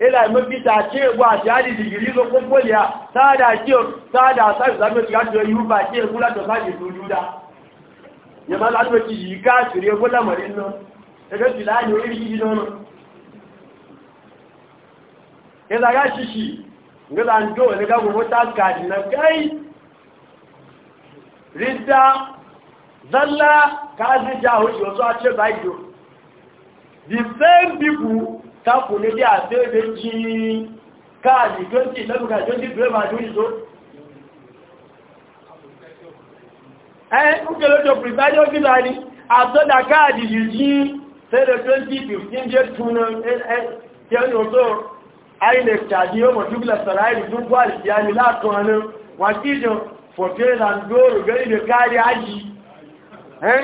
ila mafita ce wa jari digiri zo kokoliya sada kiyo sada sai zame ga to yu ba ke kula to sai sujuda ya ma la to ji ka tire kula marin no daga e tilani iri ji no ya e da ga shishi ga dan do ne ga go ta ka din na kai ridda zalla ka ji jahu yo so a ce bai do the same people tapu ne bí àtẹ́ẹ̀bẹ̀ jí káàdì 20 lẹ́bùkà 20 brema lórí tó ẹ́ ń kèrò tó pìtàjọ́ gílá ní àtọ́dà káàdì yìí jí fẹ́rẹ̀ 2015 jẹ́ túnú ẹ̀ẹ́kẹ́ òtó inec tàbí ọmọ jùgbìlẹ̀ sọ̀rọ̀ àìrí tó gbọ́ àìsí àmì látọ̀ ọ̀nà wà kíjọ fọ̀tẹ́ ìlàndó òrùgbẹ́ ilẹ̀ káàdì ájì ẹ́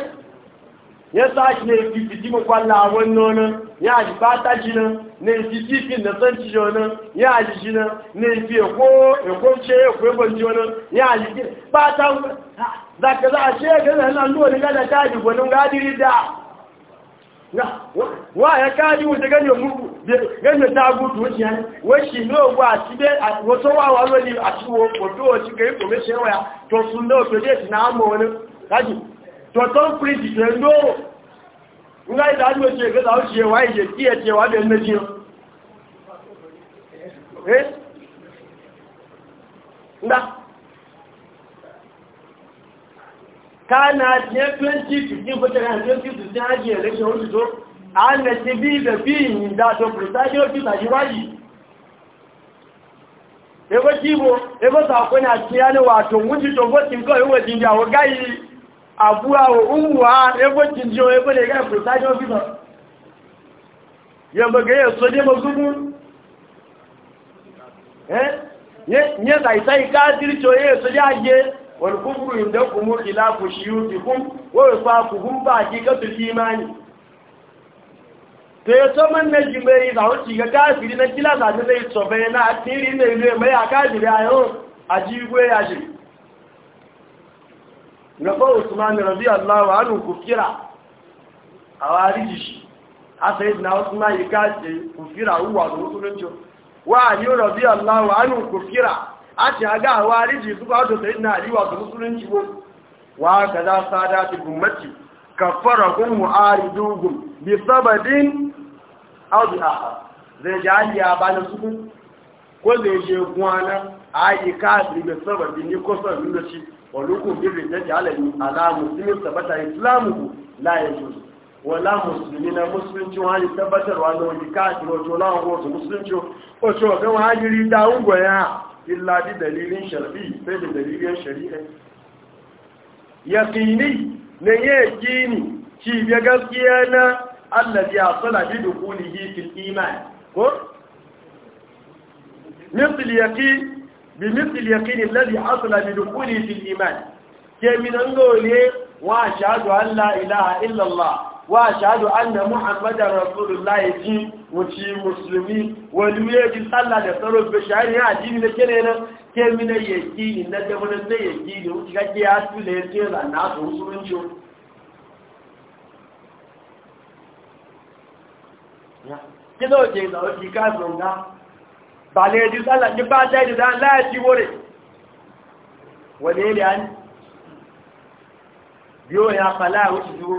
ya sashi ne fifiti makwalla a wannan nan ya ji fata shi nan ne fififin da san ci nan ya ji shi nan ne fi ko ko ce ya ko ban ji nan ya ji fata za ka za a ce ga nan nan ne ga ta ji gwanin gadiri da wa ya kaji wuce ganye mugu ganye ta gudu wuce ya washi ne ogwa a cibe wato wa wani a ciwo wato wace ga yi kome shewa ya to sun da wato je na amma wani kaji tọ̀tọ̀n príjì tẹ̀ ńlá ìdájú ẹ̀ṣẹ̀ ìgbẹ́ta ó ṣe wá ìṣẹ̀ tí ẹ̀ṣẹ̀ wà bẹ̀rẹ̀ méjì ńlá káàna jẹ́ 2015 fọ́tẹ̀rẹ̀ 2015 ájì ẹ̀lẹ́ṣẹ̀ oṣù tó àánẹ̀ tí ìbò ẹgbẹ́ sàkóní àti yánẹwà àtòmújì tó bó ti ń kọ́ ìwé jíjà ọgá yìí àbúrà òhúnwà ẹgbẹ́jìnjọ ẹgbẹ́ lè rẹ̀ pẹ̀sájọ́ bíbọn yọmọ̀gẹ́ yẹ sọ jẹ́mọ̀ gúgún yẹ́ ṣàìsá ìká dírìtò yẹ sọ jẹ́ ayé wọ̀lùkúrù ìdẹ́kùnmú ìlàkù ṣíyú ti fún wọ́rùfà kùgún bá àti kẹ́tù sí imani tẹ́ẹ̀tọ́ mọ́ méjì mẹ́rin ìlàwọ́ ti gẹ́gẹ́ káàkiri na fa usman radiyallahu anhu kufira awariji shi asa idna usman yikaje kufira huwa rusulunjo wa ali radiyallahu anhu kufira ati aga awariji su ba to sayyidina ali wa musulunci bo wa kaza sadati ummati kafarahum mu'ariduhum bi sabadin aw bi akhar zai jali ya bana su ko zai je gwana ayi kafiri da sababi ni kusan nuna shi wa lukun birri na jalali ala muslimin tabbata islamu la ya juzu wala musulmi na musulunci wani tabbatarwa na wani kafiri wato lawan wasu musulunci wato ga wani rita ungwaya illa bi dalilin sharbi sai da dalilin shari'a yaqini ne yaqini ci bi gaskiya asala bi dukulihi fil iman ko مثل bimisi liyakini lalzi asula bi dukuli fi iman ke minango ne wa shahadu an la ilaha illallah wa shahadu an na muhammadan rasulullah ya ji musulmi wani ya ji da tsaro bai shahari ya ji na kere nan ke minan ya ji inda da wani zai ya ji da wuce kake da ya ce na su musulunci ya ke zaune da wuce kasuwa bàlẹ̀ ẹjú sálà ní bá jẹ́ ìdá láti wórè wọ́n lè rí àní bí ó yà pàlá àwọn òṣìṣúwó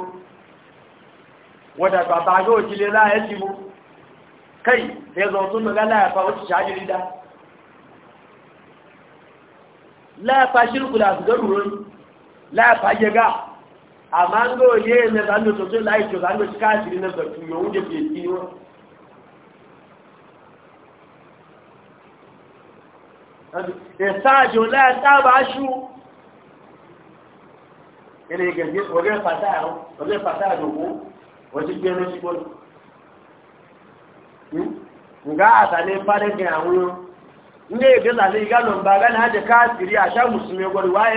wọ́n dàgbà bá yóò jí lè láàá mú kẹ́ì ẹzọ tó mẹ́lá láàpá òṣìṣẹ́ àjírídá láàpá ṣírùkùlà àtìgọ́rù rẹ̀ láàpá yẹgá àmá ń gbọ́ yé ẹ̀mẹ́ta ní òṣòṣò láìjọ ìsáàjò láàtàbà ṣú ilẹ̀ ìgẹ̀gẹ̀ ọ̀rẹ́ pàtàkì owó wọ́n gbé ẹnu sígbó ǹgá àtàlẹ́ pàdẹ́gẹ̀ àwọn ilé ìgbẹ́lẹ̀ ìgbàlọ̀ bàbá náà jẹ káàkiri àṣà mùsùlùmí ọgbọ̀n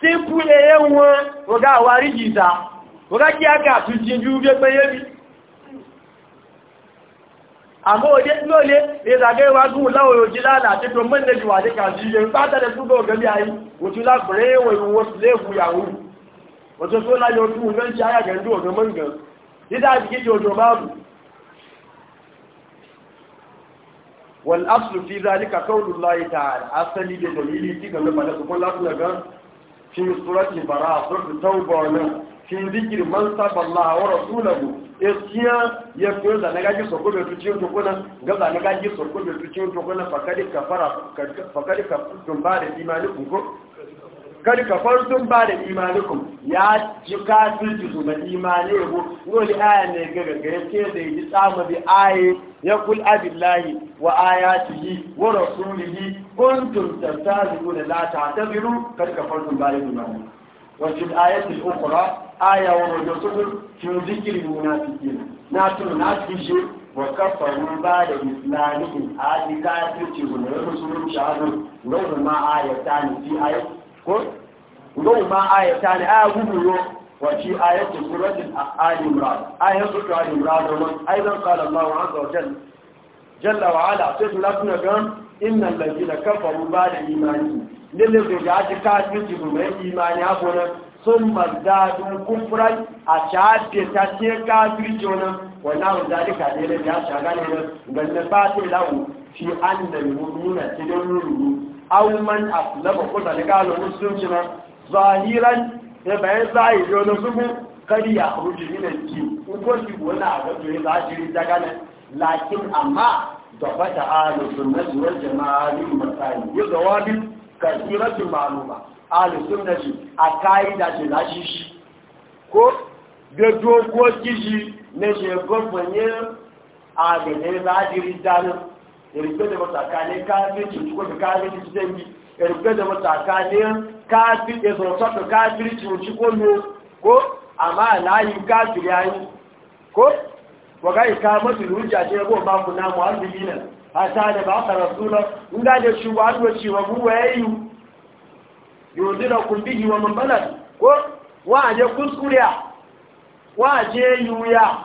símpú ẹyẹ wọn ọ̀gá àwárí jìta ọ̀gá kí á kà tún jí jú gbé pé yébí àmọ́ òjé lóòlé ìzàgẹ́ ìwágún láwòrò jí láàrín àti tó mọ́ ìlẹ́jù wà ní kàjí yẹn pátẹ́lẹ̀ fún bọ́ọ̀gẹ́ bí ayé òtún lápẹ̀rẹ́ ìwọ̀ ìwọ̀ sílẹ̀kù ìyàwó òtún tó láyé ojú في سورة براء سورة التوبة في ذكر من سب الله ورسوله إسيا يقول أنا قاعد يسوق بيتوتين تكونا قبل أنا قاعد يسوق بيتوتين تكونا فكاد كفر فكاد كفر بعد إيمانكم kar farsun ba da imanikun ya ji kafin su mai imani yabo wani aya ne ga gaggare ce da yi tsama bi aye ya kul abillahi wa yi wa rasulihi da tattaziruna la ta'tabiru kar farsun ba da imani Wacce da ayati al-ukhra aya wa rajulun fi dhikri munafiqin na tun na shi. wa kafarun ba da islamikin a ji kafirci su mai musulunci a nan ma ayata ne ko ruwan ma ayata ne aya yo. wace ayatun suratun al'imran ayatun suratun al'imran domin aizan tsarin mawa an zaujen jalla wa ala sai su lafina gan innan lalzi da kafaru ba da imani lillin da ya ji kafin jibu mai imani abunan sun mazdadun kumfuran a shafe ta ce kafin jonan wannan zalika ne da ya shagane nan ganin ba ta lawo fi an da rubuna cikin rubu auman aslama kusa da galo musulunci na zahiran ya bayan zahiri wani zubu kari ya ruji minan ki hukunci wani abu ya zahiri daga nan lakin amma da fata alu sunnati jama'a jama'ali masali ya zawabi kasiratu ma'luma alu sunnati a kaida ce da shi ko da dokoki shi na shekon fanye a ne zahiri daga erigbe da matakalin kafirci ko da kafirci zan yi erigbe da matakalin kafirci zo saka kafirci ci ko no ko amma layin kafiri yayi ko waga ikamatu hujja ce ko ba ku na mu'azzibina hatta da ba ka rasula na. ga da shi wa ruwa ci wa buwa Yanzu yudira kun bihi wa man balad ko wa je kuskuriya wa je yuya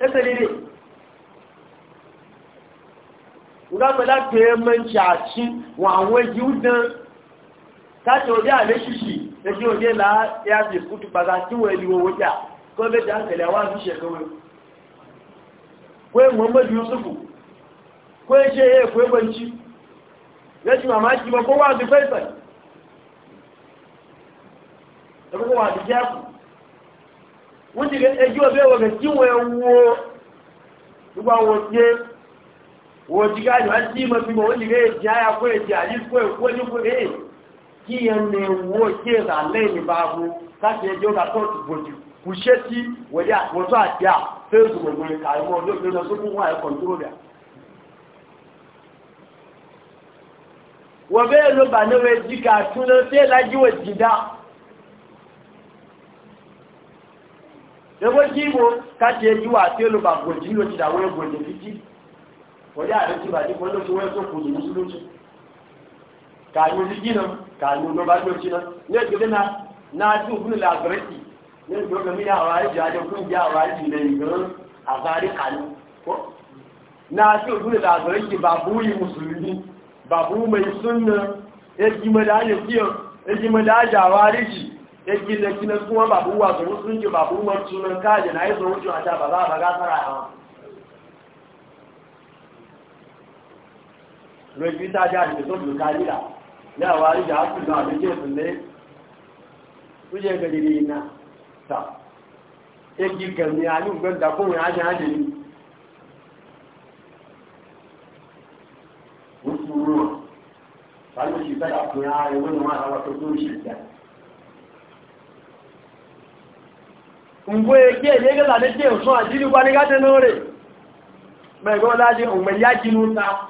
ɗasa ne nga mẹ́lá pé mẹ́ǹkì àti wọn àwọn èyí ó dán káàkiri òdí àlẹ́ ṣíṣì ẹjí òdí là yá sí fútu pàtà tí wọ́n èlú owó jà gọ́ọ̀mẹ́tì àtẹ̀lẹ̀ àwọn àṣìṣẹ́ gọ́wẹ́ kó èmù ọmọdé yusufu kó èṣe èkó ẹgbẹ̀ǹkì lẹ́sìn màmá jìmọ̀ kó wà ní fẹ́sẹ̀ ẹgbẹ́ wà ní jẹ́kù wọ́n ti ẹjú ọbẹ̀ wọ̀gẹ̀ tí wọ́n wo nígbà wọ́n ṣe wọ́n ti gáàjù á sí ìmọ̀ bímọ wọ́n ti rẹ̀ èjì àyà fún èjì àyí fún èkó ní fún èyí kí yẹn ní wo ṣe rà lẹ́yìn bá wo láti ẹjọ́ bá tó ebo jibo kati ejiwa ati oluba gboji lo ti dawo egboje titi orí ààrẹ ti bàjẹ́ fún olóṣù wẹ́n tó kù ní mùsùlùmí kàánú jíjí náà kàánú ló bá gbé oṣù náà ní ìgbésẹ̀ náà náà tí òkú nílẹ̀ àgbẹ̀rẹ̀tì ní ìgbésẹ̀ mi ní àwọn àìjọ àjọ fún ìjà àwọn àìjọ ilẹ̀ ìgbọ́n àfárí kàánú kọ́ náà tí òkú nílẹ̀ àgbẹ̀rẹ̀tì bàbú yìí mùsùlùmí bàbú mẹ́sùn náà ejimọ̀dá ayọ̀ ekile kile kuma babu wa zo sun ji babu wa sunan kaje na yazo wuce a ta a ba ga fara yawa lójú tájá àti da káyíra ní àwọn àríjà ápùlù àdójé ìpínlẹ̀ a jẹ́ gẹ̀gẹ̀rẹ̀ iná tà éjì gẹ̀mí alúgbẹ́gbà fóòrùn ajé ajé ní oṣù rọ̀ pàlú òṣìṣẹ́ àpùlù ààrẹ wọ́n ni wọ́n àwọn tó tó ngwe ke ne ga la de so a jiri kwa ni ga de nore me go la de o me ya jinu ta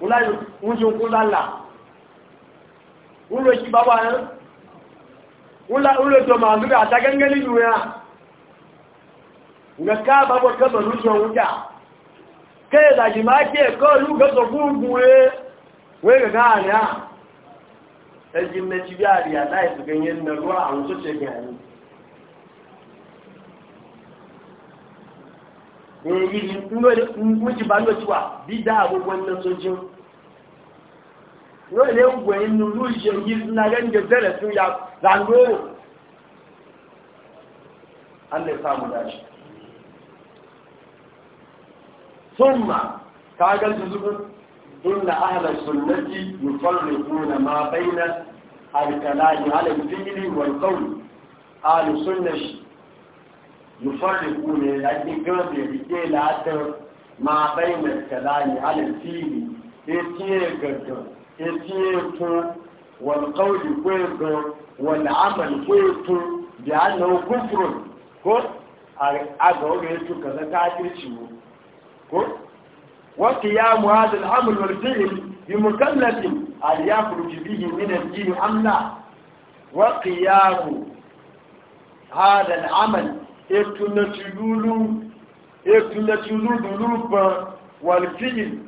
ula yo unjo ko la la ulo ki baba na ula ulo to ma ndu ga ta gangali yu ya nga ka baba ka ba lu so uja da ji ma ke ko lu ga so gungu e. we we ga ga ya ɗajin na ci biya da yada ya ganyen na ruwa a wasu ce gani ne yi muji ba lo ciwa bi da abubuwan nan sojin yau ne gwayin nuru jen yi suna gan da zara sun ya zango Allah ya samu dashi summa ka ga zuzubin إن أهل السنة يفرقون ما بين الكلام على الفكر والقول أهل السنة يفرقون لأن يعني قرب ما بين الكلام على الفعل إيه إتيقظ إتيقظ والقول كويقظ والعمل كويقظ بأنه كفر كفر أقول يتوقع كذا الشمو كفر وقيام هذا الأمر والفعل بمكلف أن يخرج به من الدين أم لا وقيام هذا العمل اتنتلولو اتنتلولو دلوبا والفعل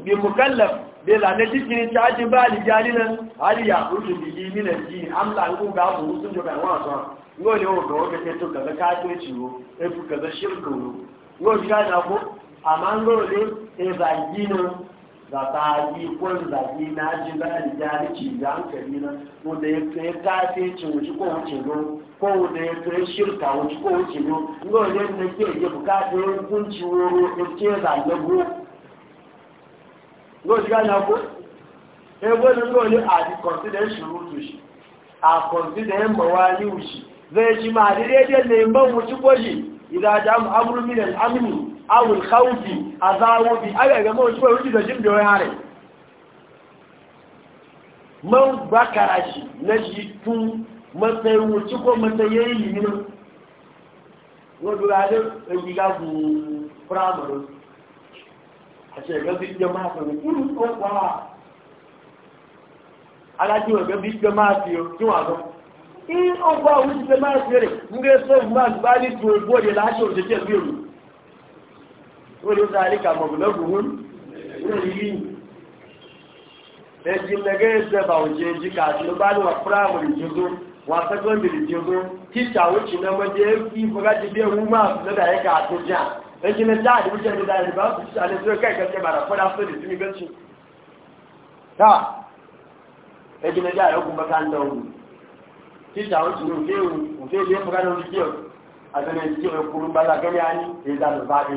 بمكلف بلا نتيجة نتاج بالي جالنا هل يخرج به من الدين أم لا نقول قابل وسنجو كان واصل نقول يوم دوك تتو كذا كاتو تشيو اتو كذا شركو نقول جانا فوق amma dole e zagi nan da zagi za zagi na ji ba na ko da ya kai kafe ci wuce ko wuce ro ko da ya kai shirka wuce ko wuce ro ngo ne da ke yi bukata yin kunci woro ngo e na ko e ngo a di consider shi a consider ma ne ko shi awul khawfi azawobi aga ga mo shi wuri da jin da wai hare man bakara shi na shi tun matsayin wuci ko matsayin yi ne wọ́n lórí adé ẹgbì gáàbù fúráàmù lọ àti ẹ̀gẹ́ bí jẹ máa fẹ̀rẹ̀ kúrù tó wà alájú ẹ̀gẹ́ bí jẹ máa fi ọ tí wọ́n lọ ní ọgbà òun ti jẹ máa fi rẹ̀ ń gẹ́ sọ́ọ̀bù máa gbá ní tu ogbó ọ̀dẹ̀ láṣẹ òṣèṣẹ́ bí òun ولذلك مبلغهم ولي ẹjìn lẹ́gẹ́ ìjẹba òjì èjì kàtí ló bá ní wà primary jùgbọ́n wà secondary jùgbọ́n tíṣà ó ṣì náà mọ́jẹ́ kí fọ́gájì bí ẹwú máa lọ́dà ẹ́ kàtó jà ẹjìn lẹ́ dáàdì wíṣẹ́ ìjọba ìrìnbá òṣìṣẹ́ alẹ́ tó kẹ́kẹ́ tẹ́ bàrà fọ́dá sódì sí ibẹ́sù ẹjìn lẹ́ dáàdì ọkùn bọ́ká ń lọ òun tíṣà ó ṣì náà òfé ìlú fọ́gájì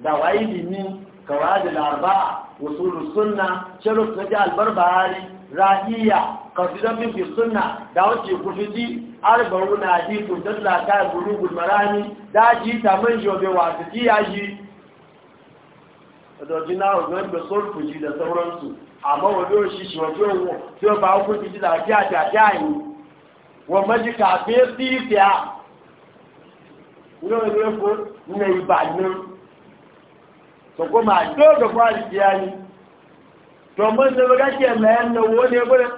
da wayi limin kawai larba usulun sunna sharuf na ji albarbahari ra'iya kafidan mafi sunna da wace kufiti arba'u na ji kuntar lata gurugun marani da ji ta taman jobe wasu jiya ji ɗauki na ogun da sulfu ji da sauransu amma wajen shi shi wajen wo tí ó bá kú ti ti da fiya fiya fiya yi wọ́n mẹ́jì kàfẹ́ sí fiya ní ọjọ́ ìfò ní ìbàdàn su kuma doga kwari kiyani to mun zama gake mayan na wone gudun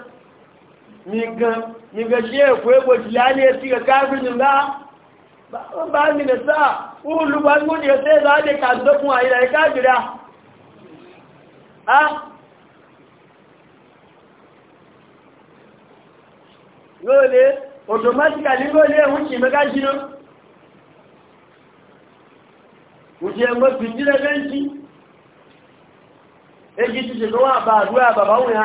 mi ga shi ko ego tilani ya tiga kafin la. ba mi na sa ulu ba mu ne sai za da ka zo kun ayi e da ka gida a yole automatically gole wuce magajinu òtí ẹgbẹ́ fìdílẹ̀ lẹ́ńtí èjì ti ṣètò wà bá àdúrà bàbá wù ya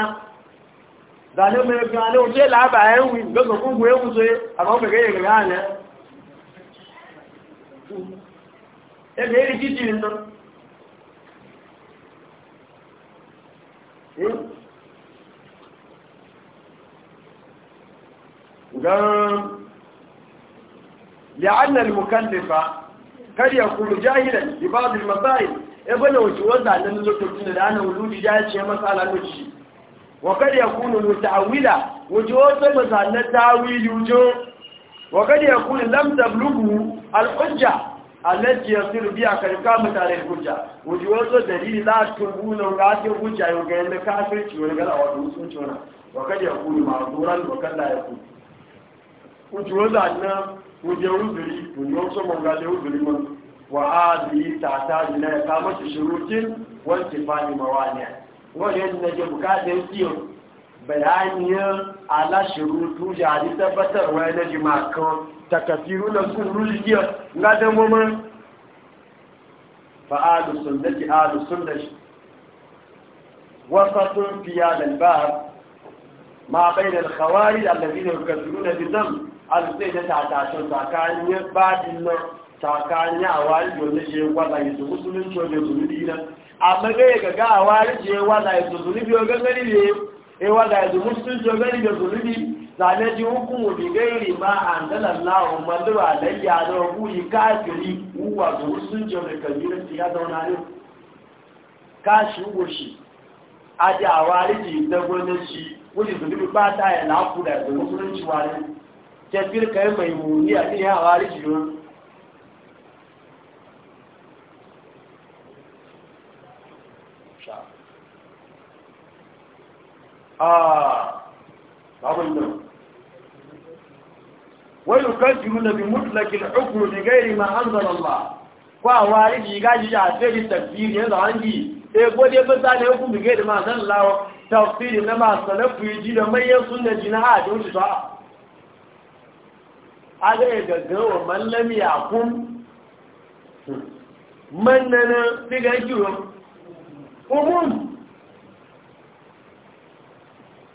dàní omi ẹgbẹ́ alẹ́ òtí ẹ̀là àbà ẹ̀wì lọ́sọ̀ fún gbé ẹ̀wù لأن المكلفة kar ya kulu jahilan bi ba'd al masail e bane wuce wanda nan lokacin da ana wuludi da ce masa ne wa kar ya kunu muta'awila wuce wata na tawili wuce wa kar ya kunu lam tablughu al hujja allati yasiru biha kal kamat al hujja wuce wata dalili la tubuna ga ta hujja yau ga yanda kafirci wani ga lawa sun ci wannan wa kar ya kunu ma'duran wa kar la ya kunu wuce wanda nan وجاوزري ونوصل من جاوزري من وعادي تعتاد لا يقامش شروط وانتفاع موانع وهذا نجم كاد يصير بيان على شروط جاري تبت وين جماعك تكثيرون كل رجية نادم ومن فعاد السنة عاد السنة وسط في هذا الباب ما بين الخوارج الذين يكثرون بالذنب alùpùpù ìjẹ́ tààtàṣọ tàkányẹ bá dínà tàkányẹ àwárí yóò ní ṣe wádà ìṣòwúsù ní ṣọ́lẹ̀ òṣèlú dínà àmẹ́gẹ́yẹ gẹ̀gẹ́ àwárí ṣe wádà ìṣòwúsù níbi ọgẹ́gẹ́ nílé ewádà ìṣòwúsù ní ṣọ́gẹ́ níbi òṣèlú ní lànẹ́jú hukun òdìgẹ́ ìrì máa àǹdẹ́là ní ṣọ́lẹ̀ kẹ̀lú ti yá dán náà ṣíwárí ke firka mai muni a ɗin hawa rijiyon a da gairi ma an zara ba kwa wari gaji a fere tafiri yanzu hangi ɗaya gode fasa ne hukun da gairi ma zan lawa tafiri na masu salafu ji da a aga ya gaggan wa mallami a kun mannana diga jiro umun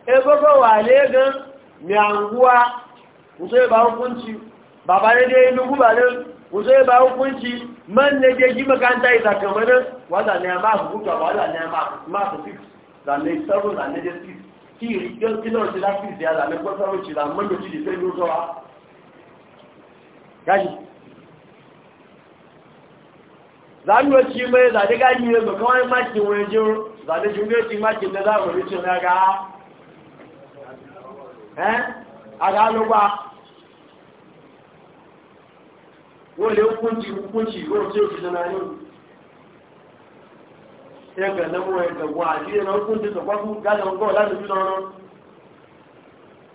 egogo wale gan miangua anguwa wuce ba hukunci baba ne dai nugu ba nan wuce ba hukunci man ne je ji makanta isa kamanin wata ne ma su kuka ba wata ne ma su 6 zane 7 zane 6 ki rikin kilon shi lafi siya zane kwasarun shi zane manyan shi da sai yi gashi zanuwa ci mai zane gashi ne ba kawai makin wajen zane shugurci makin da za a wuri cin raga eh? a gano ba wale hukunci hukunci wani ce shi zana ne ya ga namuwa ya gagwa a shi yana hukunci da kwasu gada wani kawai lati fi da wani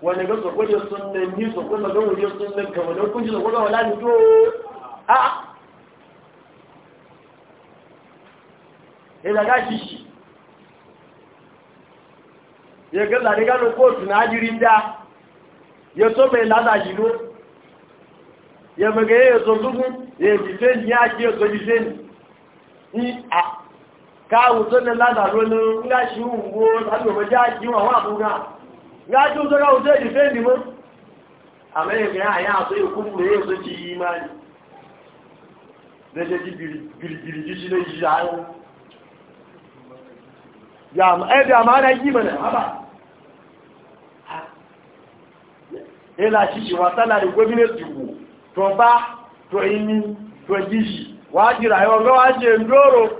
wani ga sokwa da sunan ni sokwa da gawo da sunan ka kama kun kunshi sokwa da wala ni to a e da ga shi ya ga zare ga ko tuna jirin da ya so mai lada shi lo ya maga ya so zugun ya yi sen ya ki ya so ji ni a ka wuzo na lada lo ni shi ungo ta do ma ja ji wa wa kuna. gaji uzura uzai difendi mu amma ya gaya ya so ya kuma e ya so ci imani na jaji girgirgi shi na yi ya ma'ai da na yi mana haba ila shi shi wata na di to to to ndoro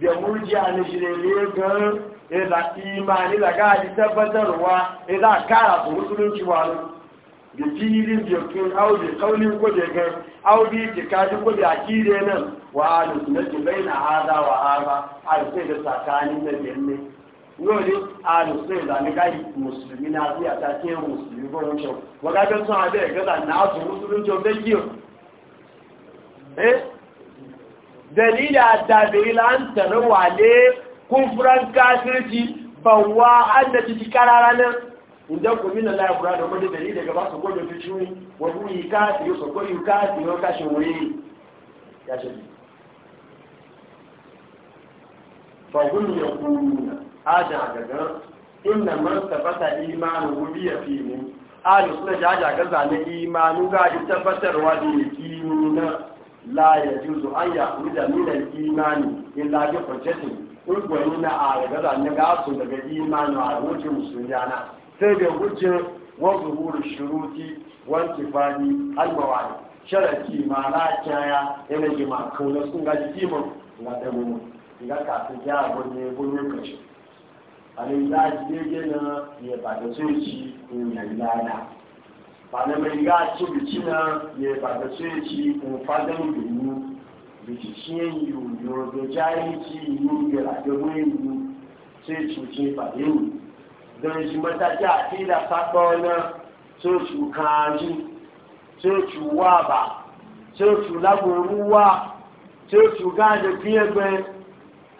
da murjiya na shirele gan ya e za imani da gaji tabbatarwa ya e za kara su musulunci a kire nan wa alu na jibai na hada wa hada a sai da tsakanin na jenne lórí alùsùn ìlànìká mùsùlùmí ní àti àtàkì mùsùlùmí fọ́nà ṣọ́ wọ́gájọ́ tún abẹ́ ìgbẹ́ta náà dalili a tabi'il an tana tarwale kufran kafirci bawa an da ciki karara nan inda ku min Allah ya kura da wani dalili daga ba su gobe ta shi wa bu yi ka su yi sokon yi ka su yi kashin wuri ya shi fagun ya kuna aja gaga inda man tabbata imanin wuri ya fi mu a alu suna jaja gaza na imanu ga ji tabbatarwa da yakini na la ya juzu an ya kuda milan imani in la ya kwanciyar ungwani na a daga zanen gasu daga imani a wuce musulmana sai da wuce wasu huru shuruti wanki fani kya sharaki ma na kyaya yana jima kauna sun gaji kiman na damu ga kafin ya gwani gwani kashi a ne za ji daidai na ya ba da sai ci in yayi bana mai ga ci bicina ya ba da sai ci kun fadan dunu biciciyen yiwu yoro da jayi ci yiwu ya rage ruwan yiwu sai cuce ba da yiwu don shi mataki a tila sakwa na sai cu kaji sai cu waba sai cu lagoruwa sai cu gada fiye bai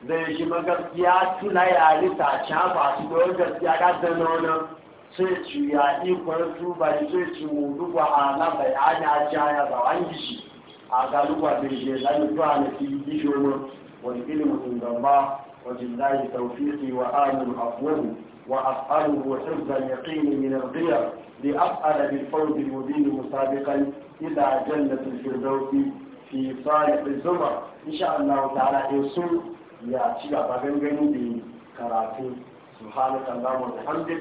da shi magaskiya tula ya rita ci hafa su da wani gaskiya ga zanen sai ci ya ikon tuba yi sai ci wudu ba a na bai anya jaya ba an yi shi a galuwa bai je zai zuwa na fi yi shono wani ilimin tungamba wajen layi taufiki wa amin afuwaru وأفعله وحفظ اليقين من الغير لأفعل بالفوز المبين مسابقا إلى جنة الفردوس في صالح الزمر إن شاء الله تعالى يوصل يا شيخ بغنغني بكراتي سبحانك اللهم وبحمدك